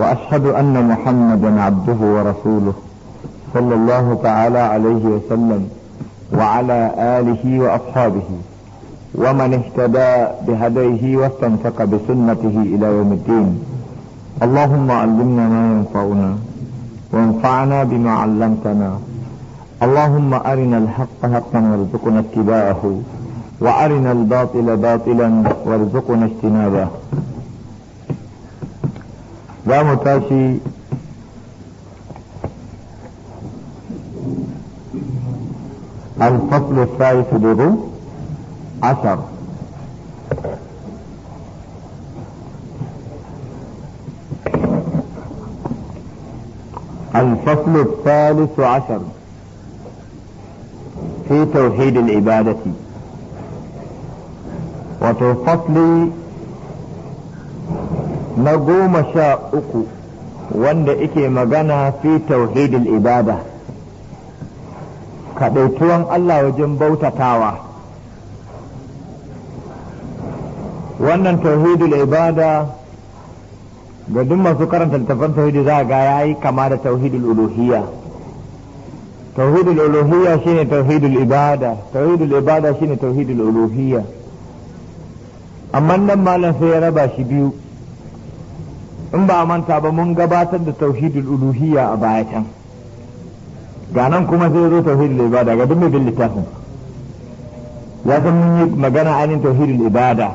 واشهد ان محمدا عبده ورسوله صلى الله تعالى عليه وسلم وعلى اله واصحابه ومن اهتدى بهديه واستنفق بسنته الى يوم الدين اللهم علمنا ما ينفعنا وانفعنا بما علمتنا اللهم ارنا الحق حقا وارزقنا اتباعه وارنا الباطل باطلا وارزقنا اجتنابه za mu tashi الفصل الثالث بضم عشر الفصل الثالث عشر في توحيد العبادة وتوفصل na goma sha uku wanda ike magana fi tauhidil ibada kaɗaituwan Allah wajen bautatawa wannan tauhidul ibada ga duk masu karanta littattafan tauhidi za ga ya yi kama da tauhidul uluhiyya tauhidul uluhiyya shine tauhidul ibada tauhidul ibada shine tauhidul uluhiyya amma nan malam sai ya raba shi biyu in ba manta ba mun gabatar da tauhidul uluhiyya a baya can ga nan kuma sai zo tauhidul ibada ga duk mai bin littafin ya san mun yi magana ainihin tauhidul ibada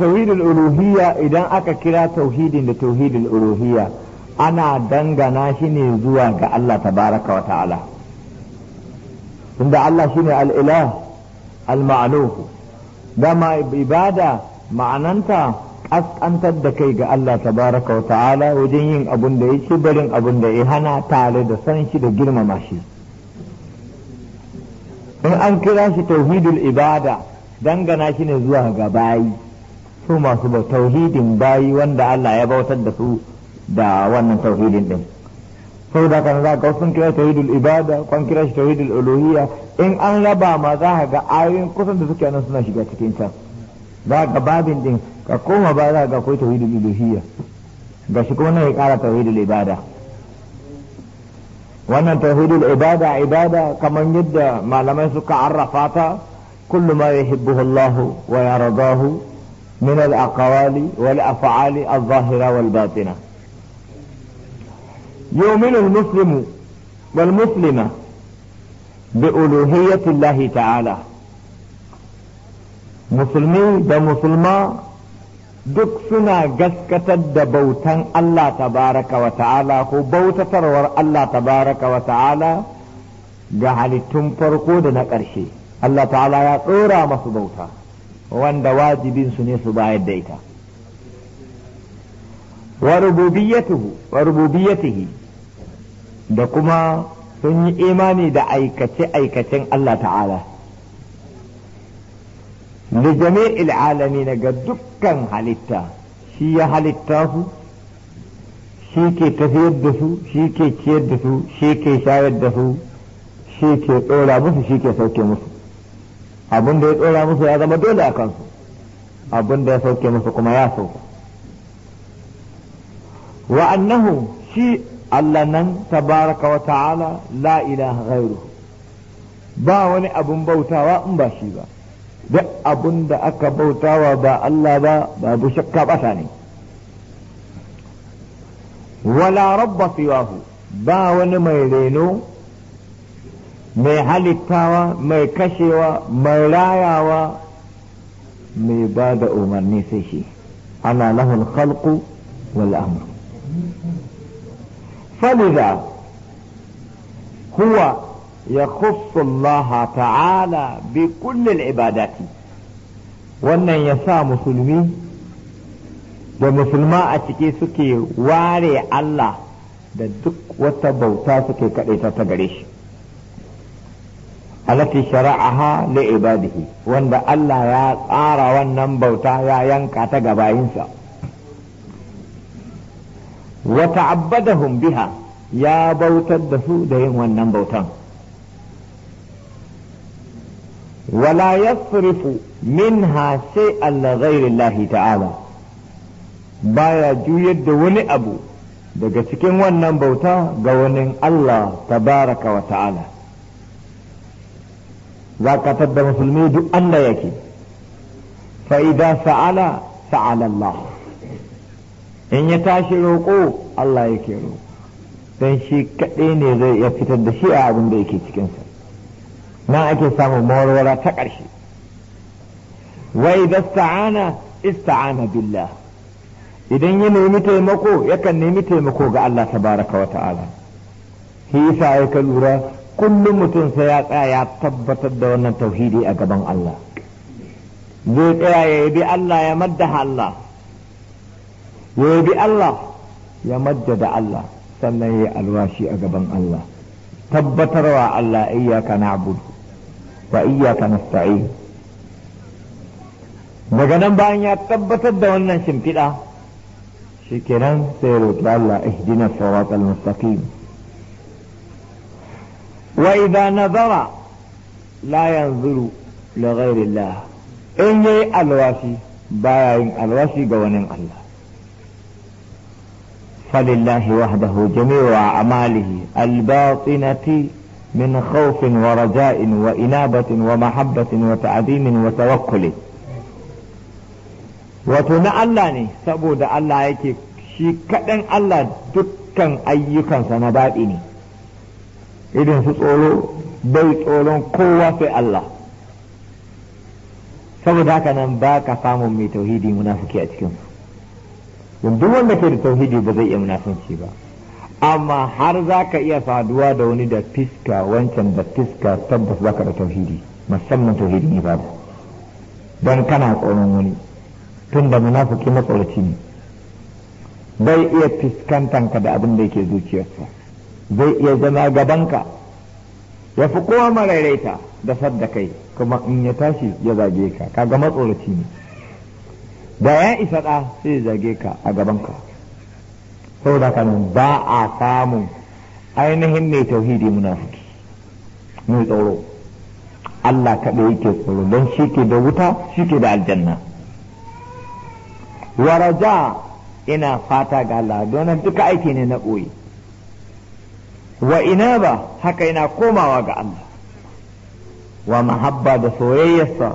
tauhidul uluhiyya idan aka kira tauhidin da tauhidul uluhiyya ana dangana shi ne zuwa ga Allah tabaraka wa ta'ala inda Allah shine al-ilah al dama ibada ma'ananta ƙasƙantar da kai ga Allah tabaraka wa ta'ala wajen yin abin da ya ce barin abin da ya hana tare da san shi da girmama shi in an kira shi tauhidul ibada dangana shi ne zuwa ga bayi su masu ba tauhidin bayi wanda Allah ya bautar da su da wannan tauhidin din da kan za ka sun kira tauhidul ibada kwan kira shi tauhidul uluhiyya in an raba ma za ga ayoyin kusan da suke nan suna shiga cikin can ba ga babin din ka koma ba za ga akwai tauhidul uluhiyya ga shi kuma ya kara tauhidul ibada wannan tauhidul ibada ibada kamar yadda malamai suka arrafa ta kullu ma yuhibbuhu Allah wa yardahu min al-aqwali wal af'ali adh-dhahira wal batina يؤمن المسلم والمسلمة بألوهية الله تعالى musulmi da musulma duk suna gaskatar da bautan Allah tabaraka wa ta'ala ko bautatarwar Allah tabaraka wa ta'ala ga halittun farko da na ƙarshe Allah ta'ala ya tsora masu bauta wanda wajibinsu ne su bayar da ita wa rububiyatihi da kuma sun yi imani da aikace-aikacen Allah ta'ala li jami'il alamin ga dukkan halitta shi ya halitta su shi ke tafiyar da su shi ke ciyar da su shi ke shayar da su shi ke tsora musu shi ke sauke musu abin da ya tsora musu ya zama dole a kansu abin da ya sauke musu kuma ya sauka wa annahu shi Allah nan tabaraka wa ta'ala la ilaha ghairu ba wani abun bautawa in ba shi ba duk abun da aka bautawa ba Allah ba babu shakka ne wala rabba siwahu ba wani mai reno mai halittawa mai kashewa mai rayawa mai ba da umarni sai shi ana lahul khalqu wal amru فلذا huwa. يخص الله تعالى بكل العبادات wannan ya sa musulmi da musulma a ciki suke ware Allah da duk wata bauta suke kaɗe ta gare shi alati shara'aha li ibadihi wanda Allah ya tsara wannan bauta ya yanka ta gabayinsa Wata ta'abbadahum biha ya bautar da su da yin wannan bautan ولا يصرف منها شيئا لغير الله تعالى baya juyar da wani abu daga cikin wannan bauta ga wani Allah tabaraka wa ta'ala za ka tadda musulmi duk Allah yake fa'ida sa'ala sa'ala Allah in ya tashi roƙo Allah yake roƙo don shi kaɗai ne zai ya fitar da shi a abin da yake cikinsa nan ake samun mawarwara ta ƙarshe wai da sta'ana ista'ana billah idan ya nemi taimako yakan nemi taimako ga Allah tabaraka wa ta'ala shi ya ka lura kullum mutum sai ya tsaya ya tabbatar da wannan tauhidi a gaban Allah zai tsaya ya yabi Allah ya madda Allah ya yabi Allah ya Allah sannan ya alwashi a gaban Allah tabbatarwa Allah iyyaka na'budu wa iyyaka nasta'in daga nan bayan ya tabbatar da wannan shimfiɗa shikenan sai roƙi Allah ihdina sirat al-mustaqim wa idza nazara la yanzuru li ghairi Allah in yayi alwashi baya yin alwashi ga wani Allah فلله وحده جميع أعماله الباطنة من خوف ورجاء وإنابة ومحبة وتعظيم وتوكل wato na Allah ne saboda Allah yake shi kaɗan Allah dukkan ayyukansa na daɗi ne irin su tsoro bai tsoron kowa sai Allah saboda haka nan ba ka samu mai tauhidi munafiki a cikinsu duk wanda ke da tauhidi ba zai iya munafunci ba amma har za ka iya saduwa da wani da fiska wancan da fiska tabbas baka da tauhidi musamman tauhidin ibada don kana tsoron wani tun da munafiki matsalaci ne bai iya ka da abin da yake zuciyarsa zai iya zama gabanka ya fi kowa marairaita da sadda kai kuma in ya tashi ya zage ka kaga matsoraci ne da ya isa ɗa sai zage ka a gabanka saboda kanin ba a samun ainihin mai tauhidi munafiki mai tsoro Allah kaɗai yake tsoro don shi ke da wuta shi ke da aljanna waraja ina fata ga Allah donan duka aiki ne na ɓoye wa ina ba haka ina komawa ga Allah wa mahabba da soyayyarsa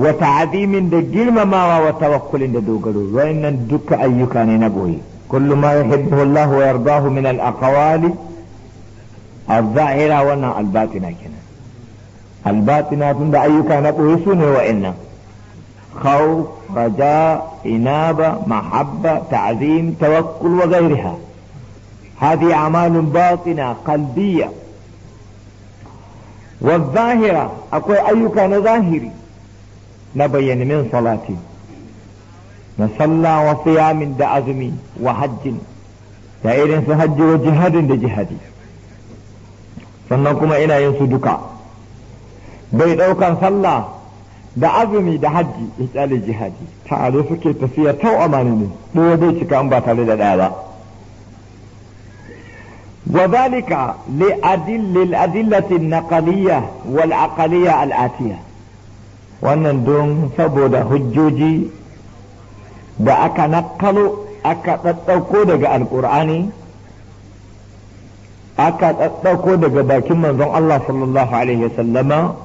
wa ta'azimin da girmamawa wa tawakkulin da dogaro wayannan duka ayyuka ne na ɓoye كل ما يحبه الله ويرضاه من الأقوال الظاهرة وانا الباطنة كنا الباطنة تند أيك نقويسون وإنا خوف رجاء إنابة محبة تعظيم توكل وغيرها هذه أعمال باطنة قلبية والظاهرة أقول أي كان ظاهري نبين من صلاتي na sallah wa siyamin da azumi wa hajjin da irin su hajji wa jihadin da jihadi sannan kuma ina yin su duka bai ɗaukan sallah da azumi da hajji ikyali jihadi tare suke tafiya tau amani ne ɗaya bai cika an ba tare da ɗaya ba وذلك لأدل للأدلة النقلية والعقلية الآتية wannan don saboda hujjoji da aka nakalo aka ɗaɗɗauko daga alƙur'ani aka ɗaɗɗauko daga bakin manzon Allah sallallahu alaihi wasallama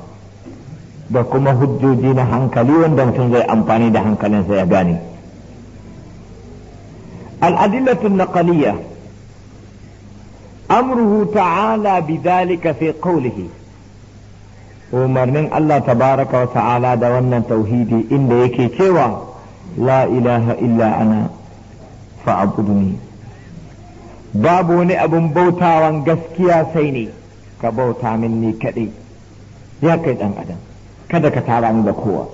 da kuma hujjoji na hankali wanda mutum zai amfani da hankalinsa ya gane al'adilatun naqaliyya amruhu ta'ala bidhalika fi qawlihi umarnin Allah tabaraka wa ta'ala da wannan tauhidi inda yake cewa la ilaha illa ana fa'budni babu wani abun bautawan gaskiya sai ne ka bauta min ni kaɗai ya kai ɗan adam kada ka tara ni da kowa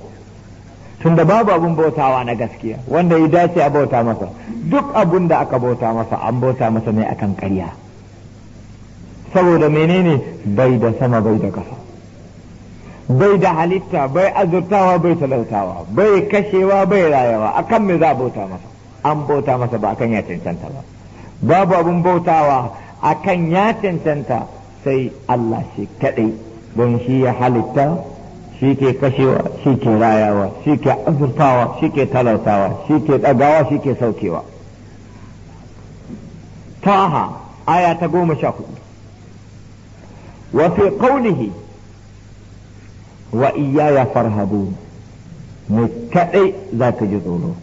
tunda babu abun bautawa na gaskiya wanda ya dace a bauta masa duk abun da aka bauta masa an bauta masa ne akan ƙarya saboda menene bai da sama bai da ƙasa bai da halitta bai azurtawa bai talautawa bai kashewa bai rayawa akan me za a bauta masa an bauta masa ba akan ya cancanta ba babu abun bautawa akan ya cancanta sai Allah shi kadai don shi ya halitta shi ke kashewa shi ke rayawa shi ke azurtawa shi ke talautawa shi ke ɗagawa shi ke saukewa taha aya ta goma sha hudu wa fi qawlihi وإيايا فارهبون متعي ذاك جدوله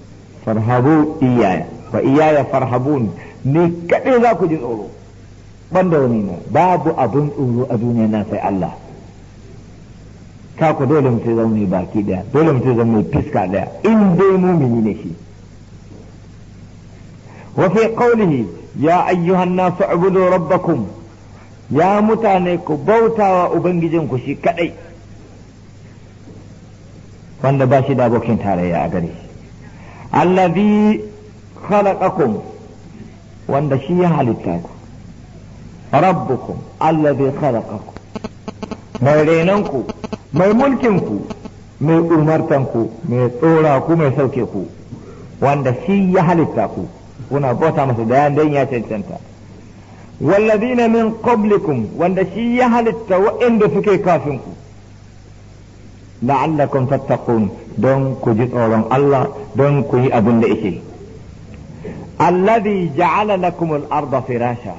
فارهبون إيايا وإيايا فارهبون متعي ذاك جدوله بندونينا باب أدون أولو أدوني نافع الله كاكو دولم تزوني باكي ده دولم تزوني بسكا ده إن دي مؤمنين وفي قوله يا أيها الناس اعبدوا ربكم يا متانيكو بوتا وأبنجزنكو شكا إيه wanda ba shi da abokin tarayya a gare shi allazi khalaqakum wanda shi ya halitta ku rabbukum allazi khalaqakum mai renanku mai mulkin ku mai ku mai tsora ku mai sauke ku wanda shi ya halitta ku kuna bota masa da dan ya cancanta wallazina min qablikum wanda shi ya halitta wa'inda suke kafin ku la'allakum tattaqun don ku ji tsoron Allah don ku yi abin da yake alladhi ja'ala lakum al-ardha firasha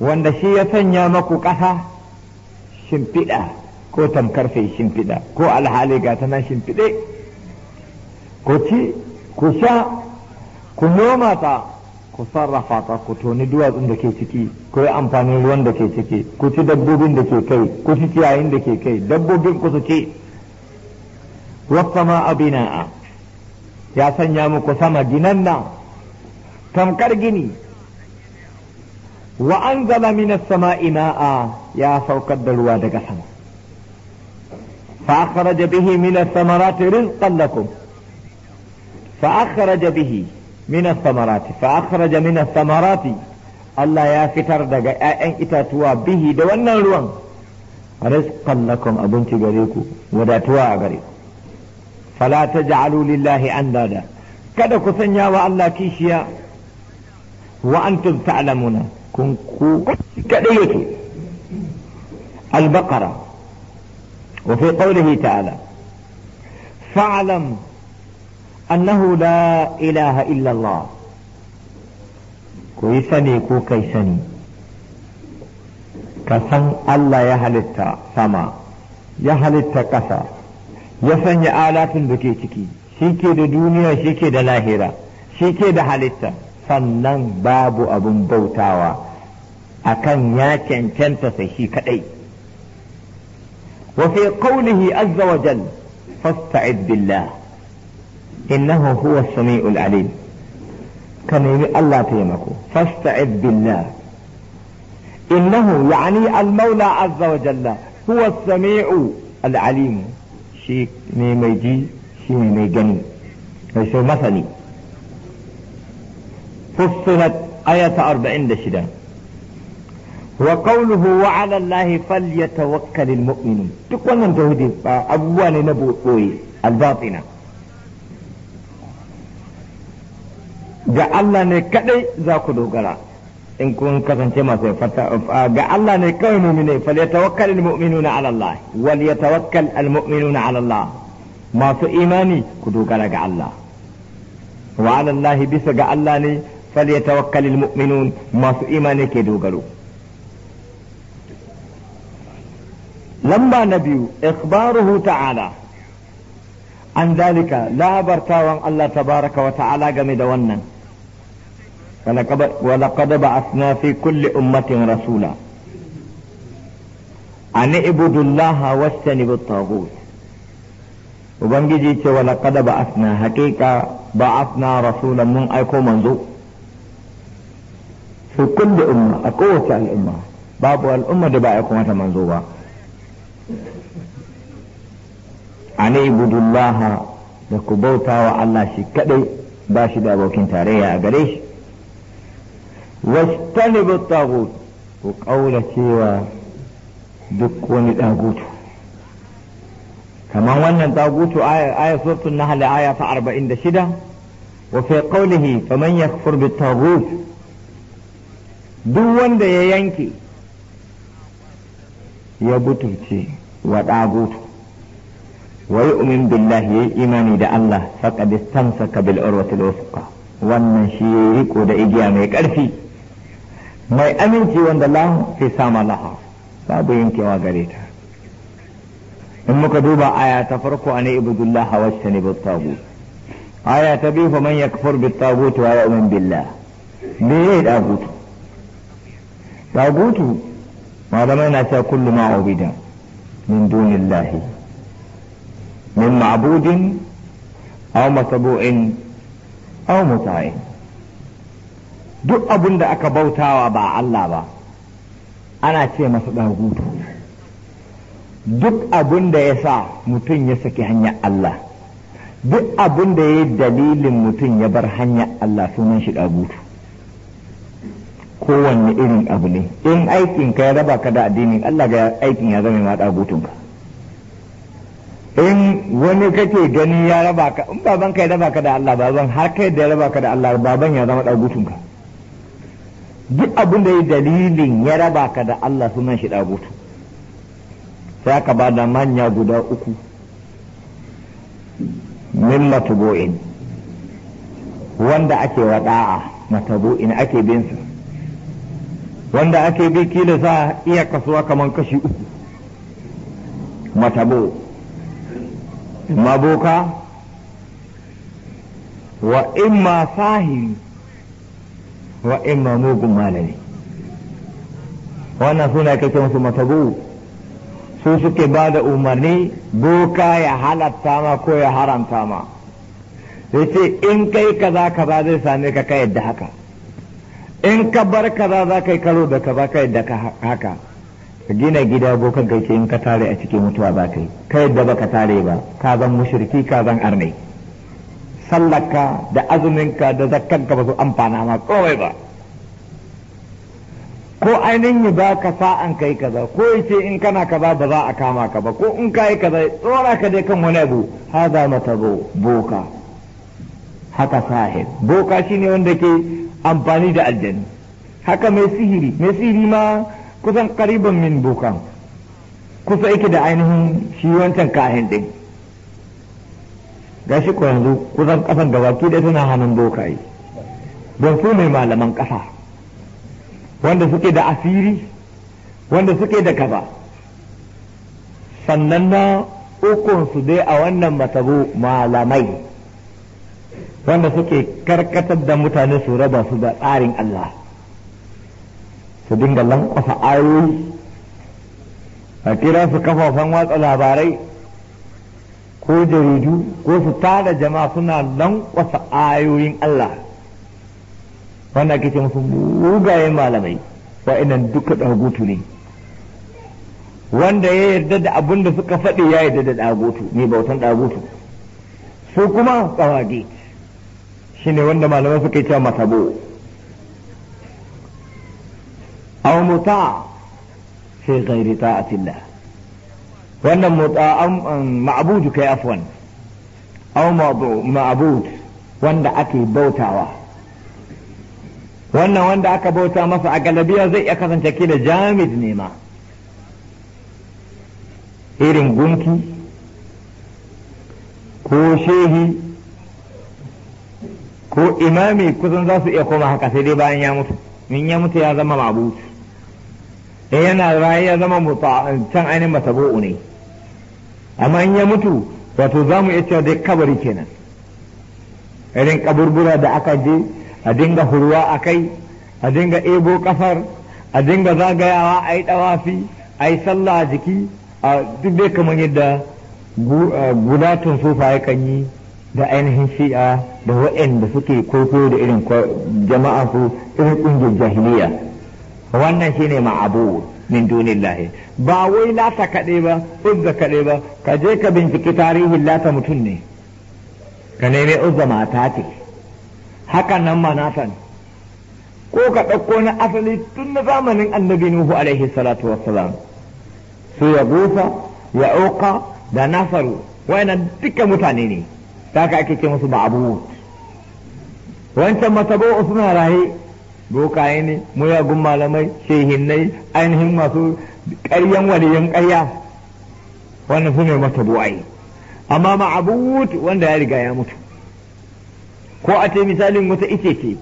wanda shi ya sanya maku ƙasa shimfiɗa ko tamkar shimfiɗa ko alhali ga tana shimfiɗe ku ci ku sha ku noma ta ku sarrafa ta ku toni duwatsun da ke ciki ku yi amfanin ruwan da ke ciki ku ci dabbobin da ke kai ku ci ciyayin da ke kai dabbobin ku su ci wasama abina'a ya sanya muku sama ginan nan tamkar gini wa an zala minas sama ina'a ya saukar da ruwa daga sama فأخرج به من الثمرات رزقا لكم فأخرج به من الثمرات فأخرج من الثمرات الله يا فتر دقا أن إتاتوا به دوانا الوان رزقا لكم أبنت قريكو وداتوا قريكو فلا تجعلوا لله أندادا كذا كثنيا والله كيشيا وأنتم تعلمون كنكو البقرة وفي قوله تعالى فاعلم annahu la ilaha illallah ku yi sani ko kai sani ka san Allah ya halitta sama ya halitta ƙasa ya sanya alatun da ke ciki shi ke da duniya shi ke da lahira shi ke da halitta sannan babu abun bautawa akan ya cancanta sai shi kadai wa fi qawlihi azza wa jal fasta'id billah إنه هو السميع العليم كنيمي الله تيمكو فاستعذ بالله إنه يعني المولى عز وجل هو السميع العليم شيك ميميجي شيء جني ليس مثلي فصلت آية دشدا وقوله وعلى الله فليتوكل المؤمنون تكون توحيد أبوان نبوء الباطنة ga Allah ne kadai za ku dogara in kun kasance masu fata ga Allah ne kawai mu'mine fal yatawakkal al mu'minuna ala Allah wal yatawakkal al mu'minuna ala Allah masu imani ku dogara ga Allah wa ala Allah bisa ga Allah ne fal yatawakkal al mu'minun masu imani ke dogaro lamba na biyu ikhbaruhu ta'ala an dalika labartawan Allah tabaraka wa ta'ala game da wannan ولقد بعثنا في كل أمة رسولا أن اعبدوا الله واجتنبوا الطاغوت Ubangiji ce wa laqad ba'athna haqiqa ba'athna rasulan mun aiko manzo fi kulli umma a kowace al'umma babu al'umma da ba aiko mata manzo ba an ibudullaha da ku bauta wa Allah shi kadai ba shi da abokin tarayya a gare shi wastanibu tagut ku kaura cewa duk wani tagutu kamar wannan tagutu aya suratul nahl aya ta 46 wa fi qawlihi faman yakfur bit tagut duk wanda ya yanke ya butulce wa tagutu wa yu'min billahi yayi imani da Allah faqad istamsaka bil urwatil wuthqa wannan shi yayi riko da igiya mai ƙarfi. mai aminci wanda lahu fi sama laha babu yankewa gare ta in muka duba aya ta farko a ne ibudullah wacce ne bittagu aya ta biyu man yakfur bittagut wa yu'min billah me ne dagutu dagutu malamai na cewa kullu ma ubida min dunillahi min ma'budin aw masbu'in aw muta'in duk abin da aka bautawa ba Allah ba ana ce masa ɗagutu duk abin da ya sa mutum ya saki hanyar Allah duk abin da ya dalilin mutum ya bar hanyar Allah sunan shi ɗagutu kowanne irin abu ne in aikin ka ya raba ka da addinin Allah ga aikin ya zama ma ɗagutunka in wani kake gani ya raba ka in baban ka ya raba ka da Allah baban har kai da ya raba ka da Allah baban ya zama ɗagutunka duk abin da ya dalilin ya raba ka da Allah sunan shi ɗagutu sai aka ba da manya guda uku millatu bo'in wanda ake wada'a mata bo'in ake binsa wanda ake bi kila za iya kasuwa kamar kashi uku matabo maboka wa imma sahiri wa imma mugun malami wannan suna kake musu matabu su suke ba da umarni boka ya halatta ma ko ya haramta ma sai ce in kai kaza kaza zai same ka ka yadda haka in ka bar kaza za ka yi karo da kaza ka yadda ka haka ka gina gida bokan kai ce in ka tare a cikin mutuwa za ka yi ka ba ka tare ba ka zan mushriki ka zan arnai sallaka da azuminka da zakkanka ba su amfana ma kawai ba ko ainihin yi ba ka sa'an kai kaza ko ya ce in kana kaza ba za a kama ka ba ko in ka yi kaza tsora ka dai kan wani abu haza mata boka haka sahib boka shine wanda ke amfani da aljanu haka mai sihiri mai sihiri ma kusan kariban min bokan kusa yake da ainihin shi wancan kahin din gashi ko yanzu kusan da baki da tana hannun bokaye don su ne malaman kasa wanda suke da asiri wanda suke da kaba sannan na ukunsu dai a wannan matabo malamai wanda suke karkatar da mutane su raba su da tsarin Allah su dinga lankwasa ayoyi a kira su kafafen watsa labarai ko jaridu ko su tara jama'a suna lankwasa ayoyin Allah wannan kake musu mugaye malamai wa'annan duka dagutu ne wanda ya yarda da abin da suka faɗi ya yarda da dagutu ne bautan dagutu su kuma tsawage shine wanda malamai suka yi cewa masabo aw sai fi ghairi ta'atillah wannan ma'abudu kai afwan au ma'abud wanda ake bautawa wannan wanda aka bauta masa a galabiya zai iya kasance kila jamid ne ma irin gunki ko shehi ko imami kusan za su iya koma haka sai dai bayan ya mutu in ya mutu ya zama ma'abudu in yana rayu ya zama can ainihin masabu'u ne amma in ya mutu wato za mu iya cewa kabari kenan irin kaburbura da aka je a dinga hurwa a kai a dinga ebo kafar a dinga zagayawa a yi dawafi a yi sallah a jiki a duk dai kamar yadda gudatun sufa yakan yi da ainihin shi'a da waɗanda suke kwaikwayo da irin jama'a su irin ƙungiyar jahiliya wannan shine ma'abu min dunillahi ba wai lata kaɗai ba uzza kaɗai ba ka je ka binciki tarihin lata mutum ne ka nemi uzza mata ce haka nan manatan ko ka ɗauko na asali tun na zamanin annabi nuhu alaihi salatu wassalam su ya gufa ya uka da nasaru wayannan duka mutane ne ta ake ce musu ba abu wancan matabo suna raye bokaye ne muyagun malamai shehinnai ainihin masu ƙaryan waliyan ƙarya wannan su ne mata bu'ai amma ma ma'abud wanda ya riga ya mutu ko a ce misalin wata ice ce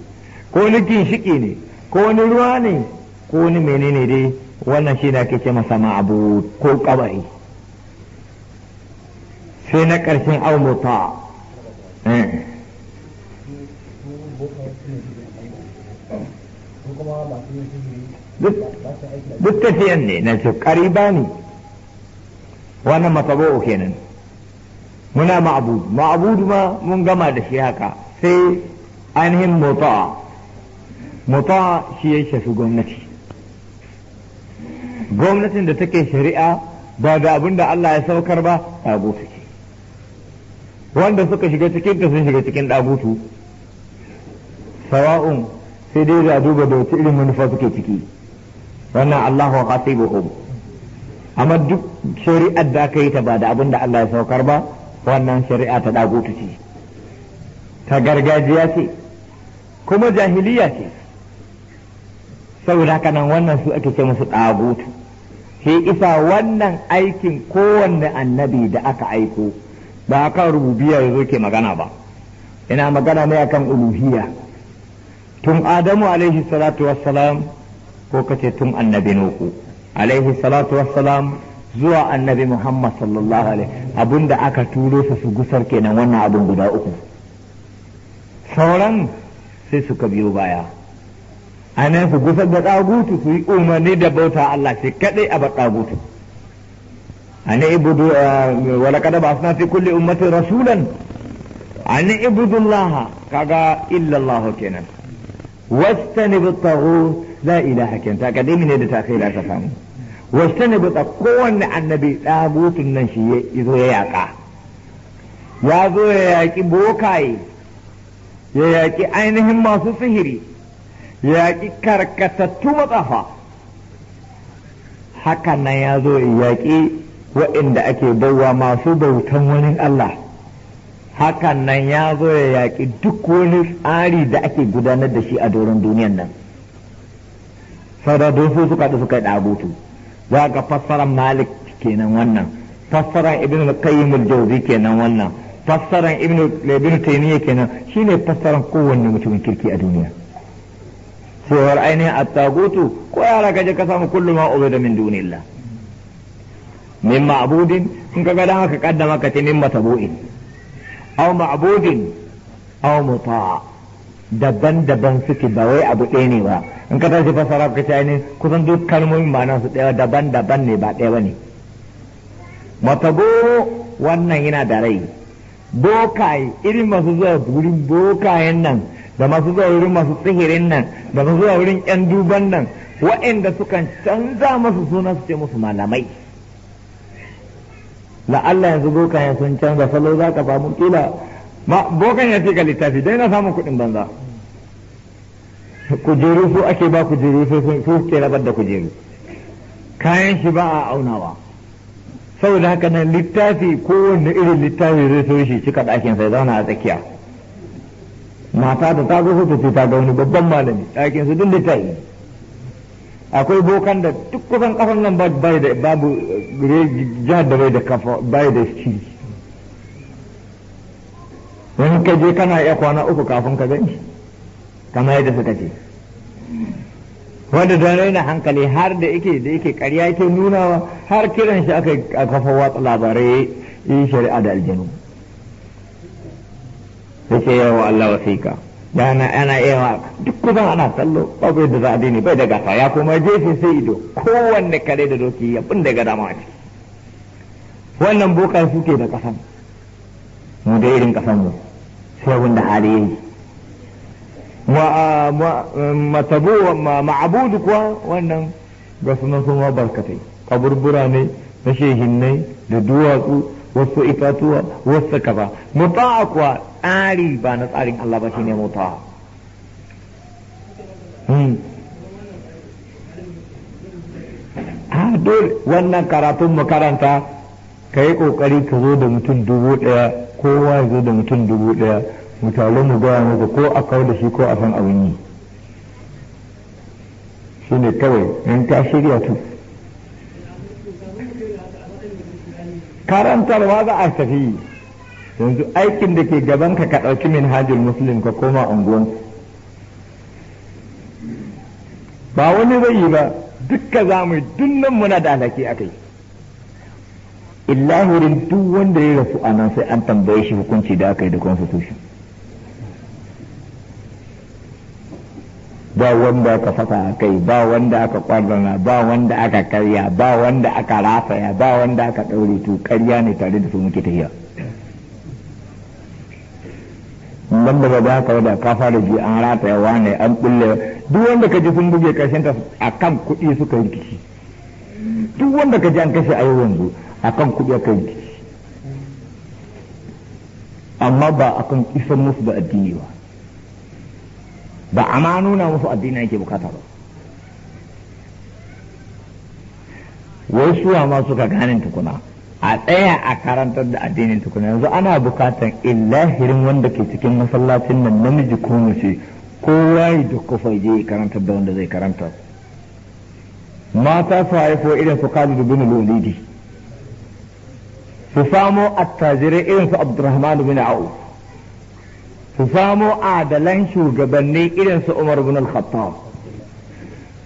ko wani ginshiƙi ne ko wani ruwa ne ko wani menene dai wannan shi da ake ce masa ma'abud ko kabari sai na ƙarshen aumuta eh. duk tafiyan ne na ce ƙariba ne wannan matabo'u nan muna ma'abudu ma'abudu ma mun gama da shi haka sai ainihin motaa muta'a shi ya shafi gwamnati gwamnatin da take shari'a ba da abin da Allah ya saukar ba ɗagutu ce wanda suka shiga cikin sun shiga cikin ɗagutu sawa'un sai dai za duba da wata irin manufa suke ciki wannan Allahu hasibuhum amma duk shari'ar da aka yi ta ba da abin da Allah ya saukar ba wannan shari'a ta ta ce ta gargajiya ce kuma jahiliya ce saboda haka nan wannan su ake ce musu dagutu sai isa wannan aikin kowanne annabi da aka aiko ba kan ya yazo ke magana ba ina magana ne akan uluhiyya tun adamu alaihi salatu wassalam ko kace tun annabi nuhu alaihi salatu wassalam zuwa annabi muhammad sallallahu alaihi abinda aka turo sa su gusar kenan wannan abin guda uku sauran sai suka biyo baya anan su gusar da tsagutu su yi umarni da bauta Allah sai kadai a bar tsagutu a ibudu wala kada ba suna fi kulli ummatin rasulan an ne ibudullah kaga illallahu kenan واجتنب la ilaha إله كنت أكاديمي ne da takai aka samu ta kowanne annabi tsabutun nan shi ya zo ya yaka ya zo ya yaki bokaye ya yaƙi ainihin masu sihiri ya yaki karkatattu matsafa haka nan ya zo ya yaki waɗanda ake bauwa masu bautan wani Allah hakan nan ya zo ya yaƙi duk wani tsari da ake gudanar da shi a doron duniyan nan sauradun su suka suka yi ɗagutu za ka fassara malik kenan wannan fassara ibn qayyim al kenan wannan fassara ibn ibn kenan shine fassarar kowanne mutumin kirki a duniya cewar ainihin at-tagutu ko yara raka je ka samu kullu ma da. min dunillah min in ka dan haka kaddama ka ce min matabu'in aw ma'budin aw muta'a daban-daban suke ba wai abu ɗaya ne ba in ka tashi fasara ka ce ne kusan duk kalmomin ma'ana su ɗaya daban-daban ne ba ɗaya bane matabo wannan yana da rai bokaye irin masu zuwa wurin bokayen nan da masu zuwa wurin masu tsihirin nan da masu zuwa wurin yan duban nan waɗanda sukan canza masu suna su ce musu malamai Allah yanzu ya sun canza salo za ka samu kila ma bokan ya fi ga littafi dai na samun kuɗin banza kujeru su ake ba kujeru sai su ke rabar da kujeru kayan shi ba a aunawa saboda haka nan littafi kowanne irin littafi zai so shi cika ɗakin sai zauna a tsakiya mata da ta zo ta ce ta ga wani babban malami ɗakin su duk littafi akwai bokan da duk kusan kafan nan bai da babu jihar da bai da kafa bai da shi wani ka kana iya kwana uku kafin ka gani kamar yadda suka ce wanda don raina hankali har da yake da yake karya yake nunawa har kiran shi aka kafa watsa labarai yi shari'a da aljanu yace yawa Allah wasika yana na ana yawa duk kusan ana sallo babu yadda za a daina bai da gasa ya kuma jefe sai ido kowanne kare da doki ya bin daga dama ce wannan bokan suke da kasan mu da irin kasan mu sai wanda hali yayi wa matabu wa ma'budu kuwa wannan ga sunan sun barkatai kaburbura ne na shehinnai da duwatsu wasu itatuwa wasu kaza muta'a kuwa tsari ba na tsarin Allah ba ne mota hmm. a dole wannan karatun makaranta ka yi ƙoƙari ka zo da mutum dubu ɗaya kowa ya zo da mutum dubu ɗaya mutane mu gaya masa ko a kawo da shi ko a san abin yi shi ne kawai in ka shirya tu karantarwa za a tafi yanzu aikin da ke gaban ka ka ɗauki min hajjul muslim ka koma unguwan ba wani zai yi ba dukka za mu dunnan muna da alhaki a kai illahurin duk wanda ya rasu a nan sai an tambaye shi hukunci da aka yi da constitution ba wanda aka fasa a kai ba wanda aka kwarrana ba wanda aka karya ba wanda aka rafaya ba wanda aka ɗaure to karya ne tare da su muke tafiya. dan daga da haka da ka fara ji an rataya ne an bulle duk wanda ka ji sun buge karshen ta akan kuɗi suka rikici duk wanda ka ji an kashe a yanzu akan kuɗi aka rikici amma ba akan isan musu da addini ba ba a ma nuna musu addini yake bukata ba wai suwa ma suka ganin tukuna a tsaya a karantar da addinin tukuna yanzu ana bukatan illahirin wanda ke cikin masallacin nan namiji ko mace kowa ya dukkufa je karantar da wanda zai karanta mata su haifo irin su da bin lulidi su samo attajirai irin su Abdurrahman bin a'u su samo adalan shugabanni irin su Umar bin Al-Khattab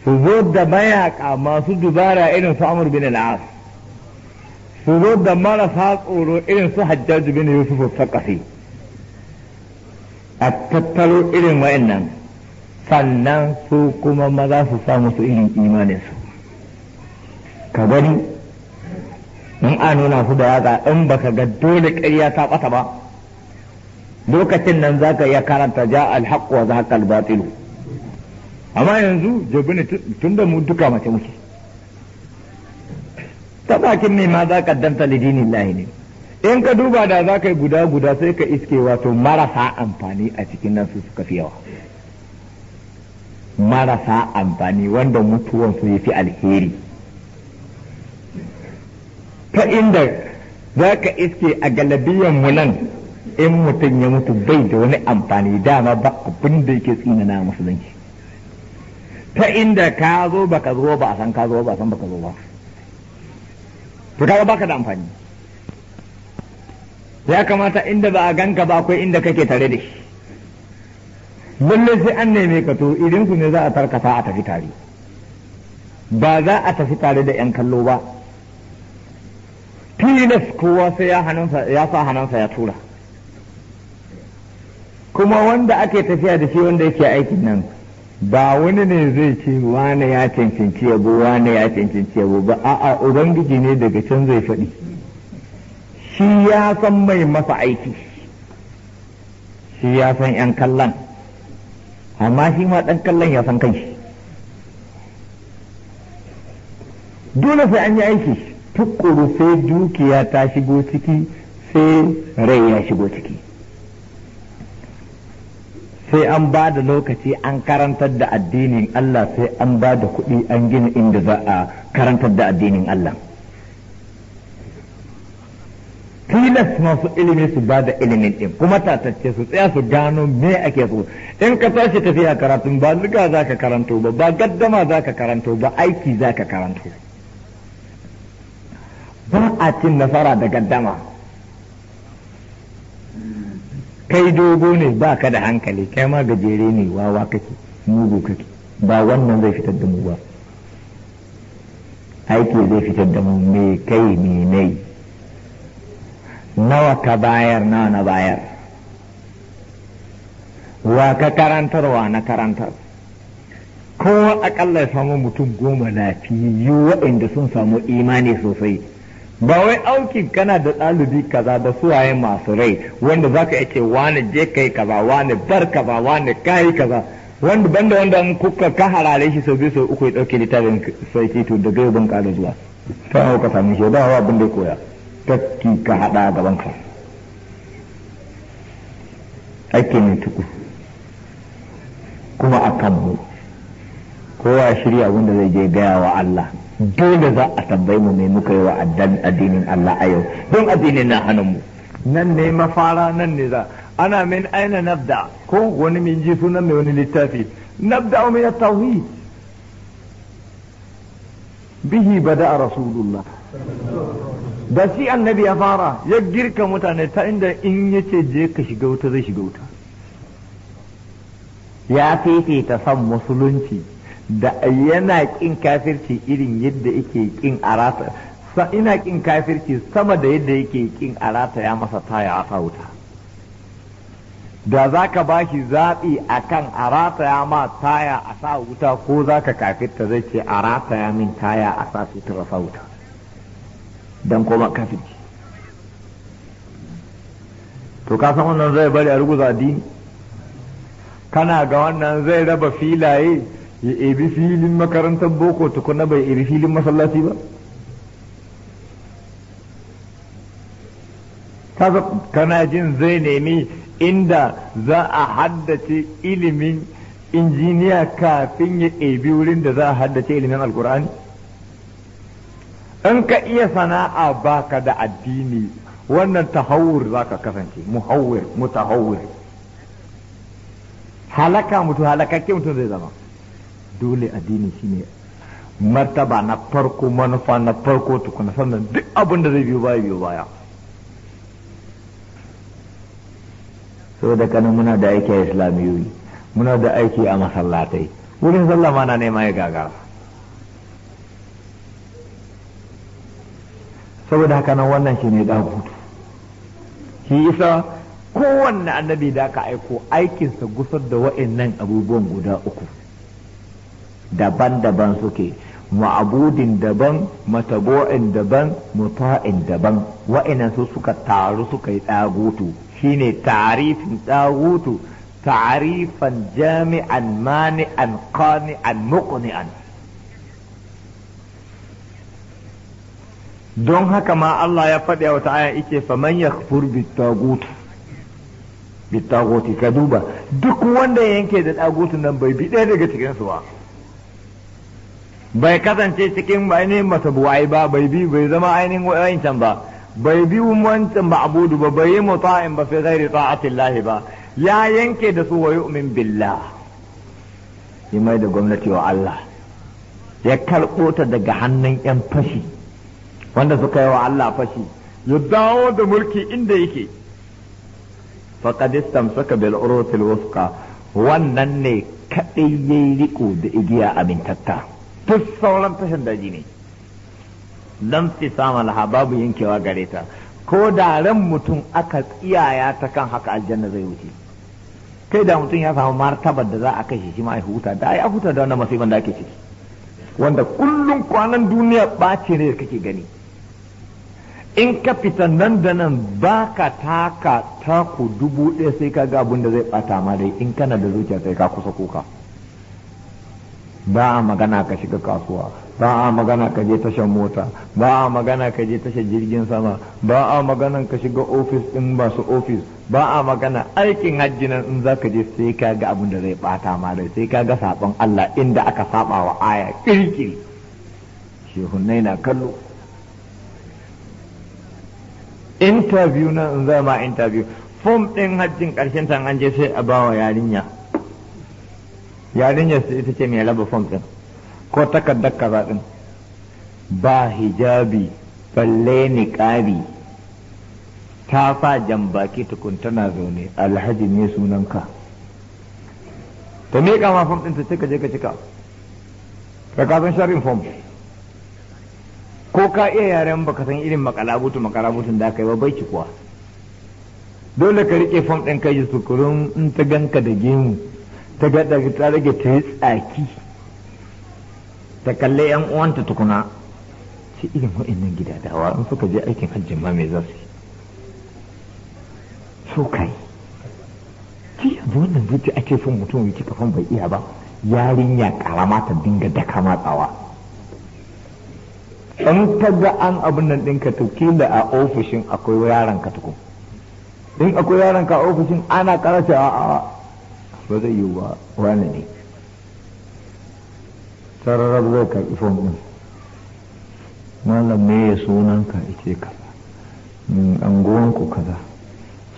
su zo da mayaka masu dubara irin su amur bin Al-As su da marasa tsoro irin su hajjaji bin yusuf sakafi a tattaro irin wayannan. sannan su kuma maza su sa musu irin imanin su ka gani in a nuna su da yatsa in baka ga dole ƙarya ta bata ba lokacin nan zaka iya karanta ja alhaq wa zahaqal batil amma yanzu jabini da mu duka mace muke ta bakin mai ma za ka danta lidinin lahi ne in ka duba da za ka yi guda guda sai ka iske wato marasa amfani a cikin nan su suka fi yawa marasa amfani wanda mutuwan su ya fi alheri ta inda za ka iske a galabiyan mu nan in mutum ya mutu bai da wani amfani dama ba abin da yake tsinana musulunci ta inda ka zo ba ka zo ba a san ka zo ba a san ba ka zo ba to kaga baka da amfani ya kamata inda ba a ganka ba akwai inda kake tare da shi lallai sai an neme ka to idan ku ne za a tarkata a tafi tare ba za a tafi tare da yan kallo ba tilas kowa sai ya sa hannunsa ya tura kuma wanda ake tafiya da shi wanda yake aikin nan ba wani ne zai ce wane ya cancanci yabo wane ya cancanci yabo ba a'a ubangiji ne daga can zai faɗi shi ya san mai masa aiki shi ya san 'yan kallon amma shi ma ɗan kallon ya san kanshi dole sai an yi aiki tukuru sai dukiya ta shigo ciki sai rai ya shigo ciki sai an ba da lokaci an karantar da addinin Allah sai an ba da kuɗi an gina inda za a karantar da addinin Allah tilas masu ilimi su ba da ilimin ɗin kuma tatacce su tsaya su gano me ake so in ka tashi tafiya karatun ba zuga za ka karanto ba ba gaddama za ka karanto ba aiki za ka karanto ba a cin nasara da gaddama kai dogo ne ba ka da hankali kai ma gajere ne wawa kake mugu kake ba wannan zai fitar da mu ba aiki zai fitar da mu me kai me nai nawa ka bayar nawa na bayar wa ka karantar wa na karantar kowa akalla ya samu mutum goma lafiyu waɗanda sun samu imani sosai ba wai auki kana da ɗalibi kaza da suwaye masu rai wanda za ka ce wani je kai kaza wani bar kaza wani kai kaza wanda banda wanda kuka ka harare shi sau biyu sau uku ya ɗauke littafin sai to daga yau ban ƙara zuwa ta hau ka sami shi ba abin da koya takki ka haɗa a gaban ka ake ne tuku kuma a kanmu kowa shirya abin da zai je gaya wa Allah dole za a tambayi mu mai muka yi wa addinin Allah a yau don addinin na hannun mu nan ne mafara nan ne za ana min aina nabda ko wani min ji sunan mai wani littafi nabda min at-tauhid bihi bada a rasulullah da shi annabi ya fara ya girka mutane ta inda in yace je ka shiga wuta zai shiga wuta ya fifita son musulunci da yana kin kafirci irin yadda yake kin arata ina kin kafirci sama da yadda yake kin arata ya masa taya a wuta da za ka ba shi zaɓi a kan a ma taya a sa wuta ko za ka kafirta zai ce a ya min taya a sa sutura sa wuta don kuma kafirci to ka san wannan zai bari a ruguza din? kana ga wannan zai raba filaye ya ebi filin makarantar boko tukuna bai ebi filin masallaci ba kaza kana jin zai nemi inda za a haddace ilimin injiniya kafin ya ebi wurin da za a haddace ilimin alkur'ani in ka iya sana'a baka da addini wannan tahawur za ka kasance muhawir mutahawir halaka mutu halakakke mutum zai zama dole addini shine martaba na farko manufa na farko tukuna sannan duk abin da zai biyo baya biyo baya saboda kanin muna da aiki a islamiyoyi muna da aiki a masallatai wurin sallah na nema ya gagara saboda haka nan wannan shine dagutu shi isa kowanne annabi da aka aiko aikinsa gusar da wa'annan abubuwan guda uku daban-daban suke ma'abudin daban matabo'in daban muta'in daban wa'inan su suka taru suka yi tsagutu shine tarifin tsagutu ta'rifan jami'an mani'an kani'an muƙuni'an don haka ma Allah ya faɗi wata aya ike faman ya fur bitaguti ka duba duk wanda yanke da tsagutu nan bai bi ɗaya daga cikinsu ba bai kasance cikin ainihin buwai ba bai bi bai zama ainihin wancan ba bai bi wancan ba abudu ba bai yi mutu'in ba fi ghairi ta'atillahi ba ya yanke da su wa yu'min billah ya mai da gwamnati wa Allah ya karɓo ta daga hannun 'yan fashi wanda suka yi wa Allah fashi ya dawo da mulki inda yake faqad istamsaka bil wasu wusqa wannan ne kadai yayi riko da igiya amintatta duk sauran tashar daji ne don fi sama laha babu yankewa gare ta ko da ran mutum aka tsiyaya ta kan haka aljanna zai wuce kai da mutum ya samu martabar da za a kashe shi ma ya huta da ya huta da wannan masifan da ake ciki wanda kullum kwanan duniya ɓace ne kake gani in ka fita nan da nan ba ka taka taku dubu ɗaya sai ka ga abin da zai ɓata ma dai in kana da zuciya sai ka kusa kuka ba a magana ka shiga kasuwa ba a magana ka je tashar mota ba a magana ka je tashar jirgin sama ba a magana ka shiga ofis din masu ofis ba a magana aikin hajji nan in zaka je sai ka ga abin da zai bata ma dai. sai ka ga sabon Allah inda aka saba wa aya shehu nai na kallo interview na in zama interview form din hajjin karshen tan an je sai a bawa yarinya yarinyar su ita ce mai raba fom ɗin ko takardar kaza ɗin ba hijabi balle niƙari ta fa jambaki tukun tana zaune alhaji ne sunanka ta miƙa ma fom ɗin ta cika je ka cika ka kasan sharin fom ko ka iya yaren baka san irin makalabutu makalabutun da aka yi ba bai kuwa dole ka riƙe fom ɗin kai yi sukurin in ta ganka da gemu ta ga ta rage ta yi tsaki ta kalle yan uwanta tukuna sai irin wa'annan hawa in suka je aikin hajji ma me za su yi so kai ki yanzu wannan zuci ake son mutum wuce kafan bai iya ba yarinya karama ta dinga daka matsawa in ta ga an abin nan ɗinka to kila a ofishin akwai yaron ka tukun in akwai yaron ka a ofishin ana karace a ba zai yiwu ba wani ne sararar zai karɓi fom ɗin malam ne ya ka ice kaza mm, anguwanku kaza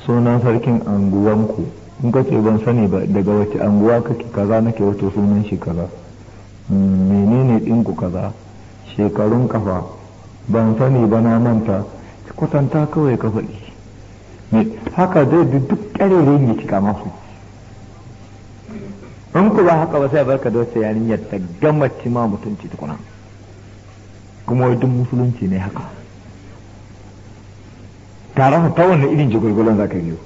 sunan sarkin anguwanku in ka ce ban sani ba daga wace anguwa kake kaza nake wato sunan shi kaza mm, menene ɗinku kaza shekarun kafa ban sani ba na manta kwatanta kawai ka faɗi haka zai duk ƙarerin ya cika masu in ku ba haka ba sai barka da wata yarinyar ta gama ma mutunci tukuna kuma wai duk musulunci ne haka da ta wannan irin jigulgulan ka yi